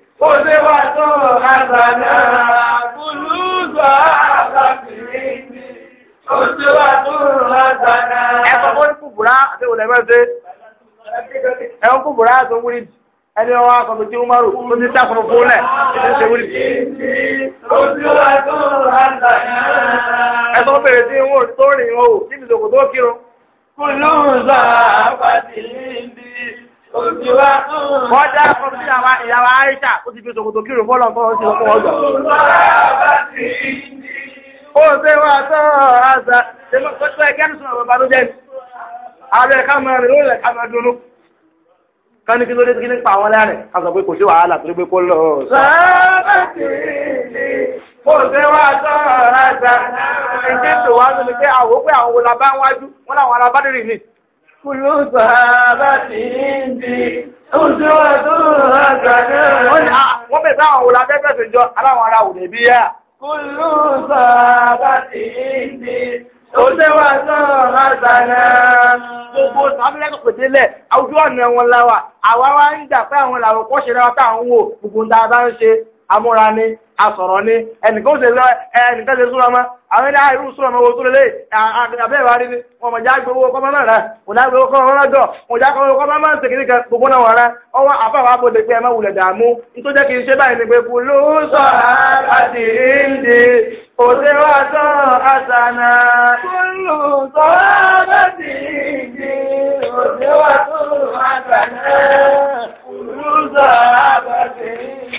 ó ṣe wá tó àgbàdá kùlùgbà àgbàkìrìtì ó ṣe wá tó àgbàdá. ẹ̀kọ́ kó ní kùbùrá àti olùẹ̀mẹ́sẹ̀ ẹ̀kọ́ kùbùrá àti wúrí ẹni ọwọ́ akọ̀tọ̀ tí ó márù tó ti sáfùnù fún lẹ̀ tí ó ṣe wúrí. ẹ̀sọ́ bẹ̀rẹ̀ sí ìwọ̀n tó rìn ìwọ̀n níbi ìṣòkò tó kírun. kùlùgbà àgbàkìrìtì. Wọ́n dá ìyàwó Aisha, ó ti fi tòkòtò kírò fọ́lọ̀ fọ́lọ̀ ọjọ́. Ó ṣe wà tọ́ àṣà, ṣe mọ́ pẹ́tọ́ ẹgẹ́ ní ṣùgbọ́n bàbá ló jẹ́ ní. Ààrẹ ká máa rìn lórí ẹ̀ká máa dúnú. Ká ní kí ló dé kí ní pa àwọn lẹ́rìn, a sọ pé kò sí wàhálà tó gbé kó lọ. Sábàtì ni, ó ṣe wà tọ́ àṣà, ìdí ìtòwá Fúlùsù àbáti ìdí, ojú ọdún àgbàdá. Wọ́n bẹ̀ sáwọn òun lábẹ́gbẹ̀ tó jọ aláwọn ará òun lèbí yá. Fúlùsù àbáti ìdí, ojú ọdún àgbàdá. Gbogbo sábẹ́lẹ́kọ̀ pètélẹ̀, ojú ọ̀nà wọn láwà, àwa wá ń gbà pé àwọn làwọn kọ́ṣẹ́ra táwọn wò gbogbo ń dáadáa ń ṣe amúra ni asọ̀rọ̀ ni ẹnìkan ṣe lọ ẹnìkan ṣe súnra ma àwọn ilé àìrú súnra ma wo tó lélẹ̀ àbẹ́ẹ̀wá rí ni wọn mọ̀ já gbowó kọ́ máa rà wọn já gbowó kọ́ máa jọ wọn já gbowó kọ́ máa ń ṣe kìnnìkan gbogbo náà wọn rà ọwọ́ àbáwá bó de pé ẹ má wulẹ̀ dààmú nítorí jẹ́ kí n ṣe báyìí ni pé kú ló sọ àti ìndì òṣè wà sọ àṣànà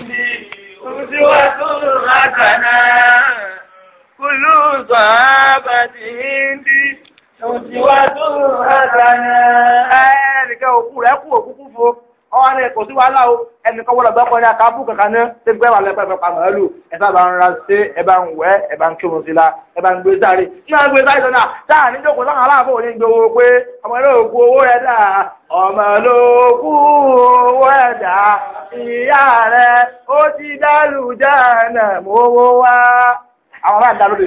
kú أسوة حسنة كل صحابة هندي أسوة حسنة ẹnìkan òkú rẹ̀ kú òkú kú fún ọwọ́ rẹ̀ kò sí wàhálà o ẹnìkan wọ́n lọ́gbọ́n ní àkábù kankan ní tí gbẹ́wà lẹ́pẹ́ pẹ̀pà màálù ẹ̀fà bá ń ra sí ẹ̀bá ń wẹ́ ẹ̀bá ń kírun sí la ẹ̀bá ń gbé sáré ní àwọn gbé sáré lọ́nà táà ní jókòó láwọn aláàbò ní gbé owó pé ọmọ olóòkú owó rẹ̀ dà ọmọ olóòkú owó rẹ̀ dà ìyá rẹ̀ ó ti dálù jáàna mówó wá àwọn bá ń dá lórí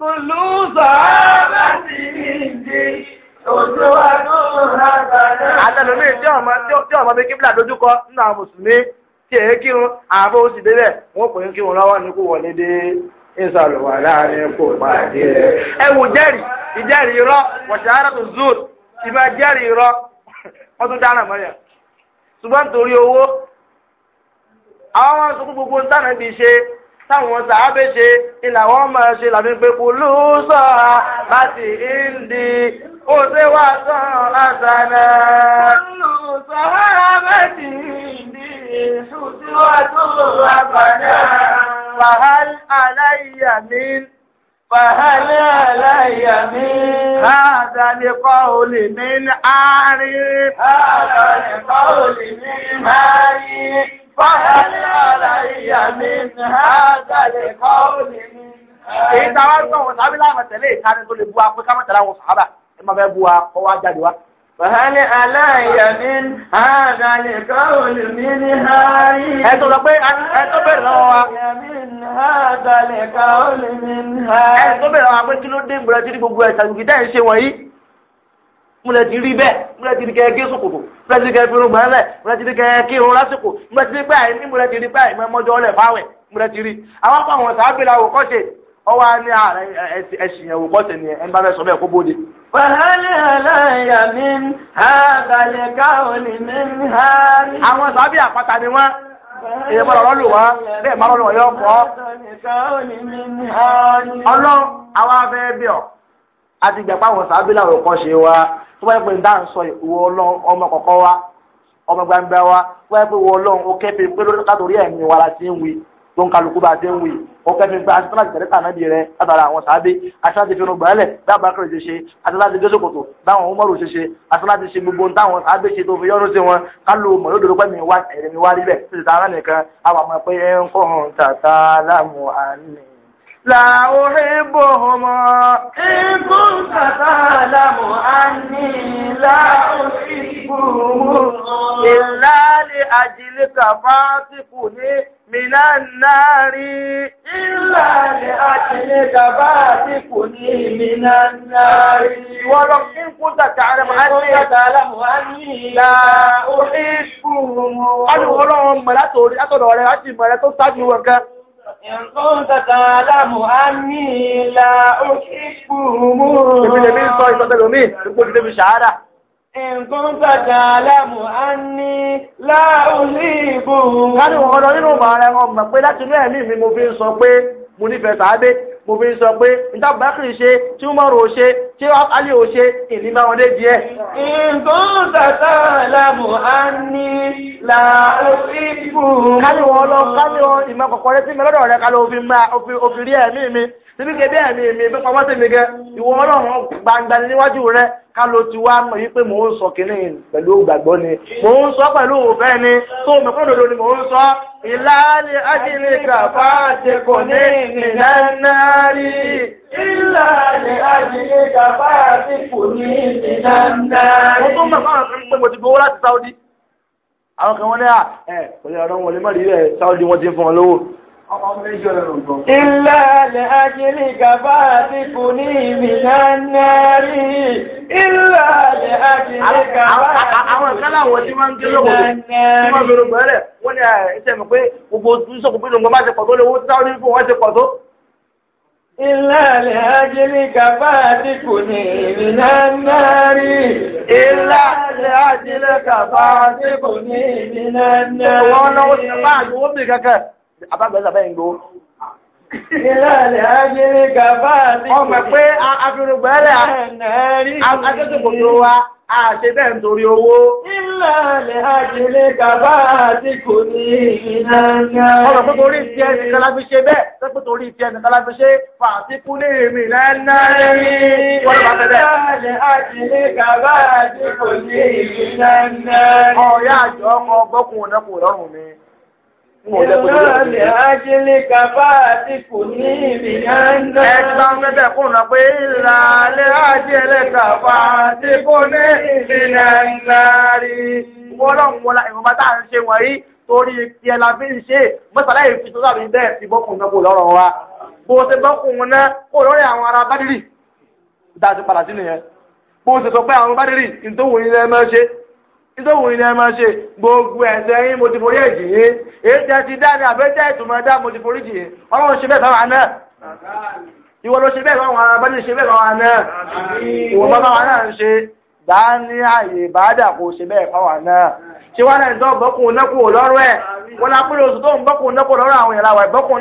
Àtẹ́lùmí tí ndị bí kíbílà dojúkọ nínú àwọn Mùsùlùmí tí èé kírun àbó sì délẹ̀ wọ́n pè ń kírun lọ́wọ́ ní kó wọlé dé ìsàlùwà láàrin kò pàdé ẹ̀. Ẹ wò ọmọ gbogbo táwọn sàábé ṣe ìlàwọ́ máa ṣe làbí pé kò ló sọ láti ìndí ó ṣe wà sàn lásánà. Fàhál aláyà mi فهل هذا لقول من عارف هذا لقول من عارف فهل علي من هذا القول من èyí tá a wá gbọ́ wọn sábẹ́ láàmà tẹ̀lé ìtaní tó lè bu apẹ́ ká má tẹ̀lé àwọn sàhábà ẹ má fẹ́ bu akọ́ wá jáde wá. فهل علي من هذا القول من هاي ẹ tó sọ pé ẹ bẹ̀rẹ̀ lọ́wọ́ wa. من bẹ̀rẹ̀ lọ́wọ́ wa pé kí ló dé ìgbòrò títí gbogbo ẹ̀ ṣàgùkì ṣe wọ̀nyí múlẹ̀ ti rí bẹ́ẹ̀ múlẹ̀ ti rí kẹ́ gé sòkòtò múlẹ̀ ti rí kẹ́ fínú gbọ́n lẹ̀ múlẹ̀ ti rí kẹ́ kí irun lásìkò múlẹ̀ ti rí pé àìní múlẹ̀ ti rí pé àìmọ́ ọmọdé ọlẹ̀ fáwẹ̀ múlẹ̀ ti rí. àwọn akọ àwọn sàábì la òkọ́ ṣe ọwọ́ ní ẹ̀sìn ẹ̀wò kọ́ ṣe nìyẹn ẹni bá fẹ́ sọ bẹ́ẹ̀ kó bóde. àwọn sàábì àpáta ni wọ́n èyí bọ́lá ọlọ́lù wá bẹ́ẹ̀ má àwọn àti ìgbà páwọn sàábìlà rò kọ́ ṣe wa tó bá yẹ pé dáhùn sọ ìwọ ọlọ́run ọmọ kọ̀kọ́ wa ọmọ gbangba wa tó bá yẹ pé ìwọ ọlọ́run ó kẹ́pẹ́ pé lórí látòrí ẹ̀mí wa la ti ń wí tó ń kálukú bá ti ń wí ó kẹ́pẹ́ pé àti tó láti tẹ̀lé tànábì rẹ látara àwọn sàábì àti láti fi rògbà ẹlẹ̀ bí abakar ṣe ṣe àti láti gbé sòkòtò báwọn umaru ṣe ṣe àti láti ṣe gbogbo ohun táwọn sàábì ṣe tó fi yọ́nú sí wọn kálù mọ̀ lódò pẹ́ mi wá ẹ̀rẹ̀ mi wá لا أحبهم إن كنت تعلم أني لا أحبهم إلا لأجلك فاتقني من النار إلا لأجلك فاتقني من النار ولو إن كنت تعلم أني تعلم أني لا أحبهم أنا أقول لهم لا توري أتوري أتوري أتوري أتوري أتوري Ìpínlẹ̀ mi ń sọ ìsọ́tẹ̀lò mi, ìpò ti débi ṣàárà. Nǹkan tàtà aláàmù á ní láàúlé ìbò. Ká ní ọ̀rọ̀ nínú ọmọ ara ẹ̀họ́ mọ̀ pé láti ní ẹ̀mí mi mo fi ń sọ pé mo nífẹ̀ẹ́ sàádé mo fi sọ pé ìtàbùbákìrì ṣe tí ó mọ́rọ̀ ṣe tí ó alẹ́ ò ṣe ìlímọ̀ wọn dé díẹ̀. nǹkan tàtà lámù á ní làásìkò. kálí wọn lọ kálí wọn ìmọ̀ kọ̀kọ̀rẹ́ sí mi lọ́dọ̀ rẹ̀ kálí òfin rí ẹ̀mí mi síbí kẹ́ bẹ́ẹ̀ mi mi pípa wọ́n tèmi gẹ́ ìwọ ọlọ́run gbangba níwájú rẹ ká ló ti wá mọ̀ wípé mò ń sọ kínní pẹ̀lú gbàgbọ́ ni mò ń sọ pẹ̀lú òfẹ́ ni tó mẹ́kọ́ dòdò ni mò sọ kàfà ní ìnánárí kàfà ní mo láti Saudi àwọn kan wọ́n ní à ẹ̀ إلا لأجلك فاتقني من النار إلا لأجلك فاتقني من النار wọ́n ní ẹ̀ẹ́sẹ̀mù pé gbogbo ìṣọ́kùn pínlẹ̀ ọgbọ́n máa ṣe pọ̀tó lówó táwọn ní fún wọ́n ṣe pọ̀tó. إلا لأجلك فاتقني من النار إلا لأجلك فاتقني من النار abágbẹ́sà bẹ́ẹ̀ ń gbó. Ìlàlẹ̀ ajírí gàbá àti ìgbòkè. Ọmọ pé afirùgbẹ́lẹ̀ akẹ́kọ̀ọ́ wa, a ṣe bẹ́ẹ̀ nítorí owó. Ìlàlẹ̀ ajírí gàbá àti ìgbòkè ìlànà. Ọmọ pé torí ti ẹni kálábí ṣe bẹ́ẹ̀, tẹ́pẹ́ torí ti ẹni kálábí ṣe fàtí kú ní èmi lẹ́nà rí. Ìlàlẹ̀ ajírí gàbá àti ìgbòkè ìlànà. Ọ̀yá àjọ ọkọ̀ ọgbọ́kùn ọ̀nà kò rọrùn ni. Ìlọ́lẹ̀ ajílé kàbá àti kò ní ìrìnàndà. Ẹgbà ń bẹ́bẹ̀ kún lọ pé ìlàlẹ̀ ajílé kàbá àti kò ní ìrìnàndà rí. Wọ́lọ́n wọ́lá ìwọ̀nbá táà ń ṣe wọ̀nyí torí ti ẹlà fi ń ṣe mọ́sàlá ìfi tó sàbí bẹ́ẹ̀ ti bọ́kùn náà kò lọ́rọ̀ wa. Bó ṣe bọ́kùn náà kò lórí àwọn ará bádìrì. Dáa ti padà sínú yẹn. Bó ṣe sọ pé àwọn bádìrì ìtòwò ilẹ̀ mọ́ ṣe nítorí ní ma máa ṣe gbogbo ẹ̀ṣẹ̀ yín mo ti forí ẹ̀jì yín èyí ti dá ní àbẹ́jẹ́ ìtumọ̀ dá mo ti forí ọlọ́run ṣe bẹ́ẹ̀ náà ló ṣe bẹ́ẹ̀ fáwọn ṣe bẹ́ẹ̀ fáwọn náà ní ṣe bọ́kùn nẹ́kù lọ́rọ̀ ẹ̀ wọ́n lápúlò oṣù tó ń bọ́kùn lọ́rọ̀ àwọn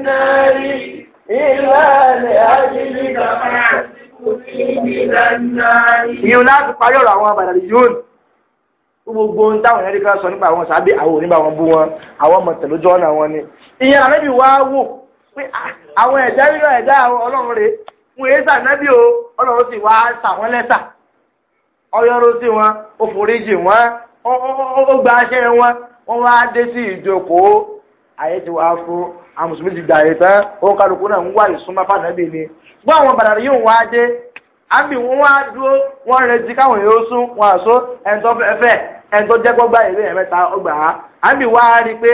lọ́rùn Ìyún láti parí ọ̀rọ̀ àwọn àbàdàrí yóò ní. Gbogbo ń dáwọn ẹ̀rí sọ nípa àwọn sàábí àwọn oníbà wọn bú wọn, àwọn mọ̀tẹ̀lójú ọ̀nà wọn ni. Ìyẹn àmẹ́bì wá wò pé àwọn ẹ̀dá nínú ẹ̀dá ọlọ́run nẹ́bí o, ọlọ́run sì wá sà wọ́n lẹ́sà. Ọyọ́rọ́ sí wọn, ó wọn, ó gba wọn, wọ́n wá dé sí ìjókòó, àyè ti a musulmi ti gbà yìí tán na kálukú náà ń wá ìsúnmọ́ fànàbì ni ṣùgbọ́n àwọn bàdàrí yóò wá dé àbí wọn wá dúró wọn retí káwọn èèyàn sún wọn àṣọ ẹni tó fẹ́ fẹ́ ẹni tó jẹ́ gbọ́gbà ìwé ẹ̀ mẹ́ta ọgbà á àbí wá rí pé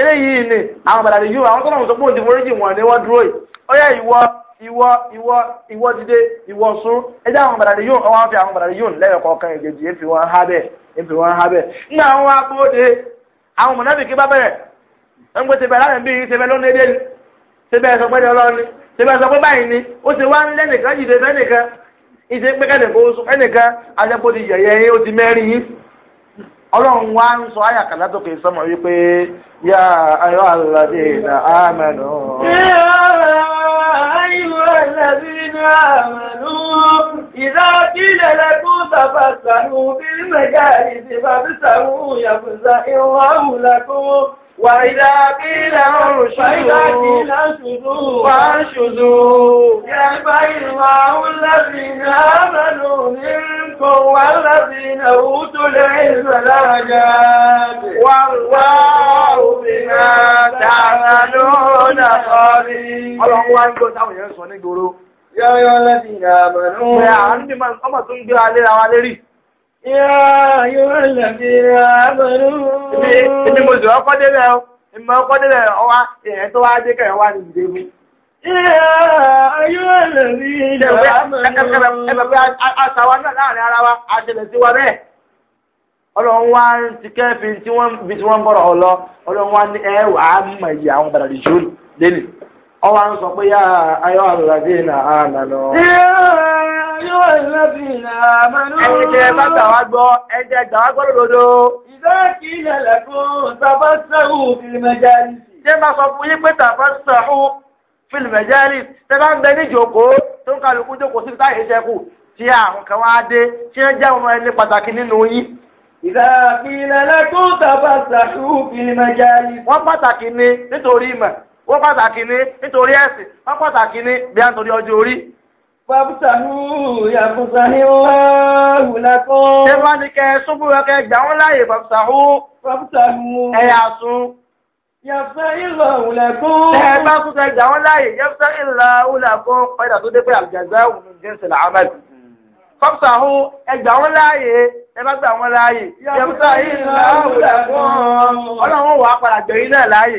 eléyìí ni àwọn bàdàrí yóò àwọn tó náà sọ pé òun ti wọn ni dúró yìí ó yẹ ìwọ ìwọ ìwọ ìwọ dídé ìwọ sún wọn fi àwọn bàdàrí yóò ẹ̀ ń pè tẹ̀bẹ̀ láàrin bíi tẹ̀bẹ̀ ló ń dédé ni tẹ̀bẹ̀ sọ pé ọlọ́run ni tẹ̀bẹ̀ sọ pé báyìí ni ó ti wá ń lẹ́nìkan jìde fẹ́nìkan ìṣe pé kẹ́nìkan oṣù fẹ́nìkan ajẹ́pọ̀dì yẹ̀yẹ́ yín ó ti mẹ́rin yín ọlọ́run wá ń sọ àyà kàlá tókè sọmọ wípé yá ayọ́ àlọ́dé na àmàlù. yá na àmàlù وإذا قيل انشدوا وانشدوا ينبغي معه الذين آمنوا منكم والذين أوتوا العلم درجات والله بما تعملون خبير. Ọlọ́run wá ń gbọ́ táwọn èèyàn sọ ní gbòòrò. Yọ́yọ́ lẹ́sìn ìyá àmọ̀ ní. Ọmọ tó ń gbé alẹ́ ra wa lérí. يا أيها الذين آمنوا إني مزوى قد له إما قد له أو إنتوا عادك يا وان ديبو يا أيها الذين آمنوا Ọlọ́run wá ń ti kẹ́fì tí wọ́n bí tí wọ́n bọ́rọ̀ ọlọ́, ọlọ́run wá ní ẹ̀rù àmà ìyà àwọn bàdàdì ṣúrù lélìí ọwá ń sọ pé yá ayọ́ àlùlàdínà àmànà ayọ́ àlùlàdínà àmànà ẹ̀yìn jẹ́ bá tàwà gbọ́ ẹjẹ́ tàwà gbọ́ lòdòdó ìdáàkì ilẹ̀ fún tàbátàhù fìlìmẹ̀jálì jẹ́ bá sọ fún yí pé tàbátàhù fìlìmẹ̀jálì tẹ́ bá ń bẹ ní ìjókòó tó ń kálukú jókòó sí táyé ṣẹ́kù tí àwọn kan wá dé tí ẹ jẹ́ ọmọ ẹni pàtàkì nínú yí ìdáàkì ilẹ̀ lẹ́kùn tàbátàhù fìlìmẹ̀jálì wọ́n pàtàkì ni nítorí ó pàtàkì ní nítorí ẹ̀sìn wọ́n pàtàkì ní bí a ń torí ọjọ́ orí. Fàbùsàhù yàbùsàhì Allahu lakum. Ṣé wá ní kẹ ṣubú ẹkẹ gbà wọ́n láàyè fàbùsàhù? Fàbùsàhù. Ẹyà sun. Yàbùsàhì Allahu lakum. Ṣé ẹ bá tún kẹ gbà wọ́n láàyè? Yàbùsàhì Allahu lakum. Fẹ́dà tó dé pé àjàgbá òun ní jíǹsì làámẹ́. Ọlọ́run wà padà gbẹ̀yìn náà láàyè.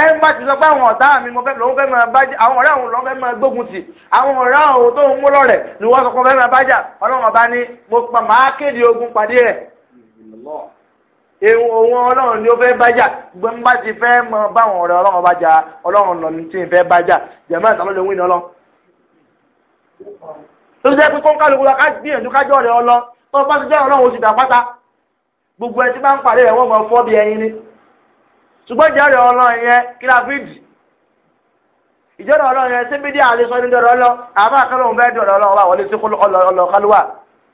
ẹ bá ti sọ pé àwọn ọ̀tá mi mo fẹ́ lòun fẹ́ máa bájà àwọn ọ̀rẹ́ àwọn lọ́fẹ́ máa gbógun tì àwọn ọ̀rẹ́ àwọn tó ń mú lọ́rẹ̀ ni wọ́n sọ pé fẹ́ máa bájà ọlọ́run ọba ni mo pa máa kéde ogun pàdé ẹ̀. ewu òun ọlọ́run ni ó fẹ́ bájà gbọ́n bá ti fẹ́ mọ báwọn ọ̀rẹ́ ọlọ́run ọba jà ọlọ́run lọ ní tí ń fẹ́ bájà jẹ̀mọ́ ìtàlọ́ lè wí ní ọlọ́ tó jẹ́ pé kọ́ńkálukú la ká gbìyànjú kájọ́ rẹ̀ ọlọ́ tó bá ti jẹ́ ọlọ́run oṣù ń pàdé ṣùgbọ́n jẹ́rìí ọlọ́run yẹn kí la fi dì ìjọ́rọ̀ ọlọ́run yẹn síbi dí àlesọ ní dọ̀rọ̀ ọlọ́ àbá akẹ́lẹ́ òun fẹ́ dọ̀rọ̀ ọlọ́run wà wọlé sí ọlọ́kálúwà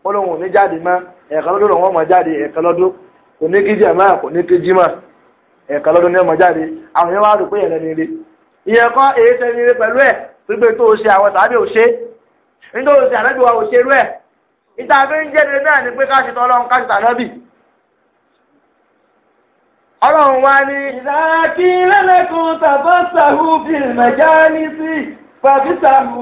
olóhùn ní jáde mọ́ ẹ̀ẹ̀kan lọ́dún lòun ọmọ jáde ẹ̀ẹ̀kan lọ́dún kò ní kí jẹ̀mọ́ kò ní kí jímọ̀ ẹ̀ẹ̀kan lọ́dún ní ọmọ jáde àwọn yẹn wá rò pé ẹ̀rẹ́ ni rí ìyẹn kọ́ èyí o ṣe àwọn tàbí ṣe nítorí o ṣe wa ṣe ọlọ́run wá ní ìdákí lẹ́lẹ́kùn tàbọ́sàhù bí mẹjáni sí pàbísàhù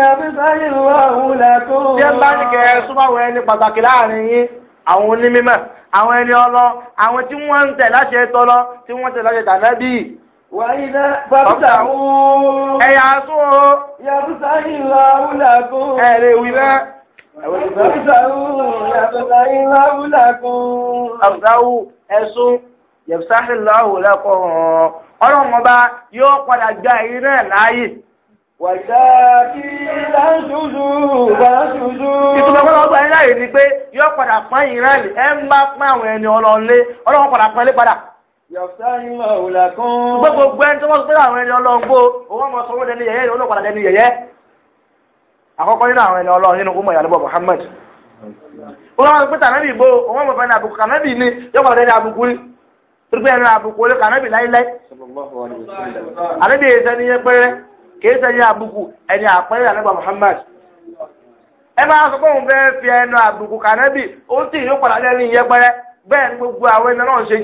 yàbísáyé lọ́hùn lẹ́kùn. bí ẹ bá ní kẹ súnmọ́wọ́ ẹni pàtàkì láàrin yín àwọn onímímọ̀ àwọn ẹni ọlọ àwọn tí wọ́n ń tẹ̀ láṣẹ tọlọ tí wọ́n tẹ̀ láṣẹ tànábì ẹ̀yà ẹ̀sùn yẹ̀bùsáhìláwò lẹ́kọ̀ọ́ ọlọ́run ọba yóò padà gba ẹ̀yin náà láàyè. wàjá kí láṣùzù láṣùzù. ìtumọ̀ pé padà gbogbo tó wọ́n àwọn ẹni ọlọ́ọ̀gbó yẹ̀yẹ́ yẹ̀yẹ́. àkọ́kọ́ nínú àwọn ẹni ọlọ́ọ̀ torípé ẹ̀rọ àbùkù olókà ka anabi anábì ile. anabi eze pẹ́rẹ́ kìí sẹ́ni àbùkù ya àpẹ́rẹ́ anábà Muhammad ẹ máa sọ pé òun fẹ́ fi enu àbùkù kànábì ó sì yóò padà lẹ́nu yẹn pẹ́rẹ́ bẹ́ẹ̀ ni gbogbo àwọn ẹni náà ṣe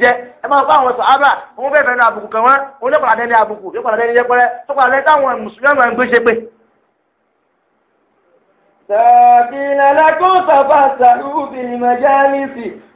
ẹ máa bá àwọn sàhábà òun fẹ́ fẹ́ ẹnu àbùkù kan wọ́n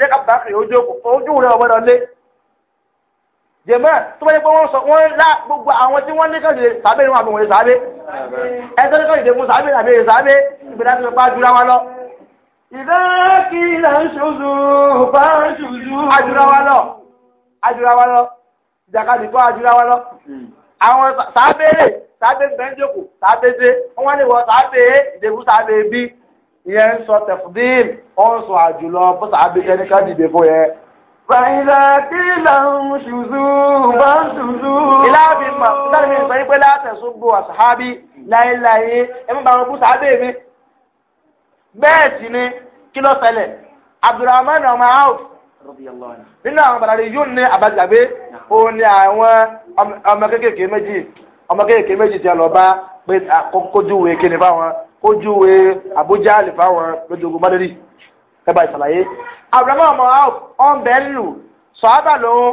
jẹ́ ká bàbá kiri ojú òkú ojú rẹ̀ ọ̀gbọ́dọ̀ lé jẹ̀mọ́ tó bá yẹ pé wọ́n sọ wọ́n lá gbogbo àwọn tí wọ́n ní kàn lè sàbẹ̀ ní wọn àbí wọn lè sàbẹ̀ ẹ̀sọ́ ní kàn lè mú sàbẹ̀ àbí lè sàbẹ̀ ìgbìlá ti pa jura wa lọ. ìdá kí là ń ṣoṣù bá ń ṣoṣù. àjùra wa wọ́n wá ní wọ sàbẹ̀ ìdèbù sàbẹ̀ bíi ìyẹn ń sọ tẹ̀fùdíl sọ àjùlọ bó sàábí tẹ́ Fàìlà kí là ń ṣùzú bá ń ṣùzú. Ilá fi mọ̀ sáré mi sọ pé látẹ̀sùn gbò àṣàbí bá wọn bú mi. Bẹ́ẹ̀ sì ni kí ló ṣẹlẹ̀? Abdulrahman ọmọ Áùf nínú àwọn bàtàrí yóò ní àbájáde ó ní àwọn ọmọ kéékèèké méjì ọmọ kéékèèké méjì a bá kójúwe Abuja àlìfáwọn lójoogun Bádẹ́rì ẹgbà ìsàlàyé abúlọ́mọ́ ọmọ ọ̀n bẹ́ẹ̀ lù sọ́ábà ló ń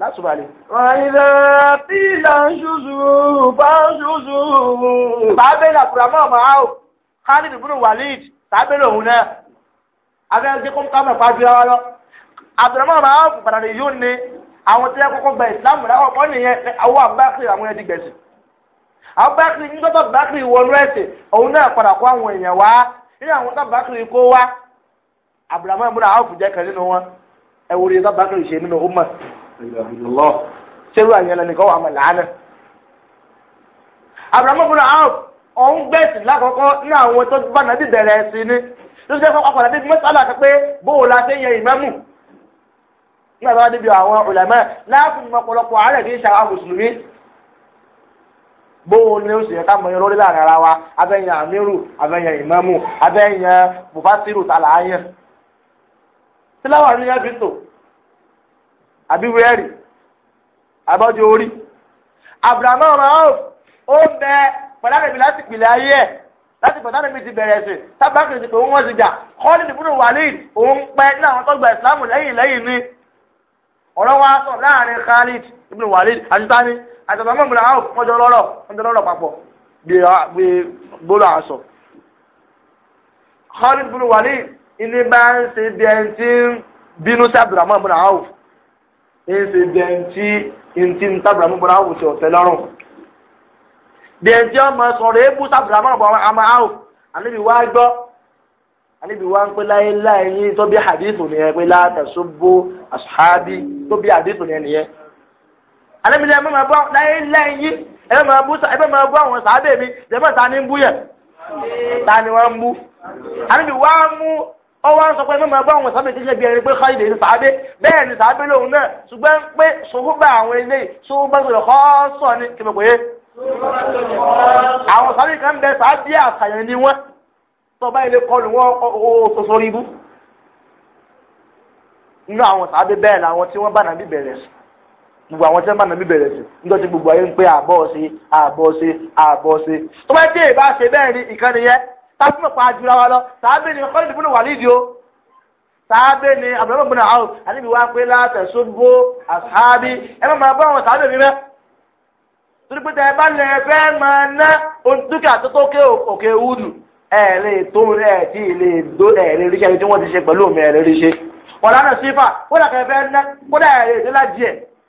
lásùbàlẹ̀. àìlẹ̀ tí ìlà ń ṣùṣù bá ń ṣùṣù. bàbá àbúrọ̀mọ́ ọmọ áò Khalid ibn Walid tàbí lòun náà abẹ́rẹ́ tí kún kámẹ̀ pàjù ara lọ. àbúrọ̀mọ́ ọmọ áò padà lè yún ni àwọn tí wọ́n kọ́kọ́ gba ìsìlámù láwọn kọ́ nìyẹn àwọn àbúrò àwọn ẹni gbẹ̀sìn. abubakar nígbà tó abubakar wọnú si òun náà padà kó àwọn èèyàn wá nínú àwọn tó abubakar kó wá abdulhamid múra àwọn kan nínú wọn ẹ tó abubakar ṣe nínú umar lọ ṣerú àyàn lẹni kọ́ àmà làánà abdulhamid múra àwọn òun gbẹ̀sì lákọ̀ọ́kọ́ nínú àwọn tó bá nàbí bẹ̀rẹ̀ ẹ̀sìn ni tó débi mọ́sálà kan pé bóò la ṣe yẹ ìmámù nígbà tó wá débi àwọn ulama láàfin mọ̀pọ̀lọpọ̀ àárẹ̀ kì í ṣe mùsùlùmí bóun ní oṣù yẹn ká mọ irọ́ láàrin ara wa abẹ́yẹn àmírù abẹ́yẹn ìmámù abẹ́yẹn mufasiru tàlà ayẹ̀ síláwà ní yẹn fi tò àbí wẹ́ẹ̀rì abọ́jú orí abrahamu rahaf ó bẹ pẹ̀lú láti pìlẹ̀ ayé ẹ̀ láti pẹ̀lú mi ti bẹ̀rẹ̀ sí tábàkì ti pé òun wọ́n ti jà kọ́lì nìbúrò wàlíì òun pẹ́ ní àwọn tó gba ìsìlámù lẹ́yìn lẹ́yìn ni ọ̀rọ̀ wa sọ láàrin Khalid ibn Walid àti tani àtàbà mọ̀ múra áwọ̀ wọ́n jọ lọ́rọ̀ wọ́n jọ lọ́rọ̀ papọ̀ bí gbólọ̀ àṣọ. Khalid bin Walid ilé bá ń ṣe bí ẹni tí ń bínú sí Abdulrahman bin Awf ń ṣe bí ẹni tí ń tí ń tábìlàmọ́ bin Awf ṣe ọ̀tẹ̀ lọ́rùn. bí ẹni tí ọmọ sọ̀rọ̀ ebú tábìlàmọ́ bin Awf àníbi wá àníbi wá ń alẹ́mìlẹ́ ẹ̀mọ́ máa bọ́ láyé lẹ́yìn yí ẹ̀mọ́ máa bọ́ àwọn sàábẹ̀ mi jẹ́mọ́ ta ni ń bú yẹ̀ ta ni wọ́n ń bú àníbi wá mú ọwọ́ ń sọ pé ẹ̀mọ́ máa bọ́ àwọn sàábẹ̀ tí ṣe bí ẹni pé Khalid ní sàábẹ̀ bẹ́ẹ̀ ni sàábẹ̀ lòun náà ṣùgbọ́n pé sòhúbà àwọn ilé sòhúbà sọ̀rọ̀ kọ́ sọ̀ ni kí mo pè àwọn sàábẹ̀ kan bẹ sàábẹ̀ àṣàyàn ni wọ́n tọba ilé kọlù wọn òṣòṣòrí ibú nínú àwọn sàábẹ̀ bẹ́ẹ̀ làwọn tí wọ́n bá nàbí bẹ̀rẹ̀ sùn gbogbo àwọn tẹ́lẹ̀ mànà mi bẹ̀rẹ̀ sí nígbà tí gbogbo ayé ń pé àbọ̀ sí àbọ̀ sí àbọ̀ tó bá dé ìbá ṣe bẹ́ẹ̀ rí pa wa lọ tàbí ni kọ́lí ìdìbò náà wà nídìí o tàbí ni àbúrò àníbi wá pé àṣàbí ẹ má máa àwọn tàbí mi mẹ́. torí pé bá fẹ́ máa ná dúkìá tó tó wúdù ẹ̀ lè tó rẹ̀ tí ilé ìdó ẹ̀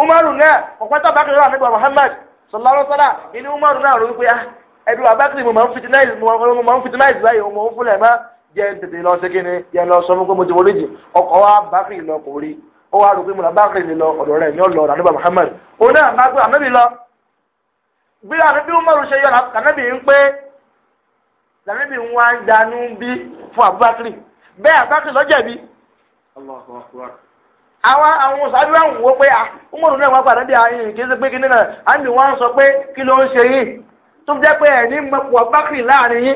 umaru náà ọ̀pẹ́tọ̀ abakiri wà nígbà muhammad sọlọ́rọ́sọ́lá inú umaru náà rò wípé ẹ̀dùn ah, abakiri mo máa ń fitinize mo máa ń fitinize báyìí mo ń fúnlẹ̀ mọ́ jẹ́ tètè lọ sí kíni jẹ́ lọ sọ fún pé mo ti wọlé jì ọkọ̀ wa lọ kò rí umaru ṣe yọ ń pé ń wá ń danú bí àwọn àwọn sàbí wà ń wò pé àmọ̀rún ah, náà wọ́n pàdé bí i kìí sí pé kí nínà àmì wọ́n sọ pé kí ló ń ṣe yìí tó jẹ́ pé ẹ̀ní mọ̀pọ̀ bákìrì láàrin yìí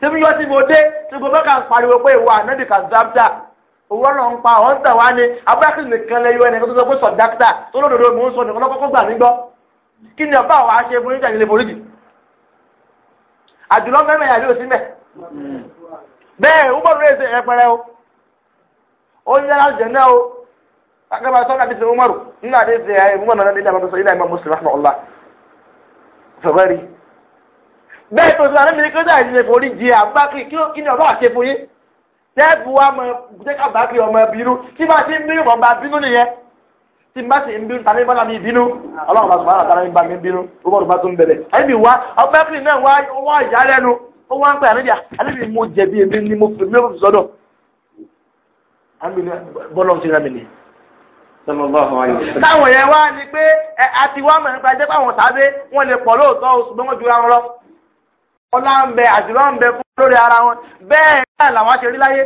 tí bí yọ́ tí mo dé tí gbogbo kan pariwo pé ìwà ànábì kan zábdà owó ń pa ọ̀ ń wá ní abákìrì nìkan lẹ́yọ ẹni tó sọ pé onye aljanna o a na sauna hadisi umaru nna muslim rahmatullah sọ àwọn mìíràn kọjá ìdílé forí jẹ àbákì kí kí ni ọba àṣẹ fún yín tẹẹbù wa mọ jẹka bákì ọmọ bínú kí bá ti ń bínú bínú nìyẹn tí n bá ti ń bínú tani bá mi bínú ọlọ́run bá sọ wọn àtàrà bá mi bínú ọmọ ọdún bá tún bẹ̀rẹ̀ àyẹ̀bí wa ọba bínú náà wá ìyá ó wá ń àníbi àníbi mo ni mo bọ́lọ́n ti rẹ̀ mi ni táwọn yẹn wá ní pé àti wá mọ̀ nípa ẹjẹ́ pàwọn tàbí wọ́n lè pọ̀ lóòótọ́ oṣù gbọ́n wọ́n ju ara wọn lọ ọlá ń bẹ àdúrà ń bẹ fún lórí ara wọn bẹ́ẹ̀ náà làwọn ṣe rí láyé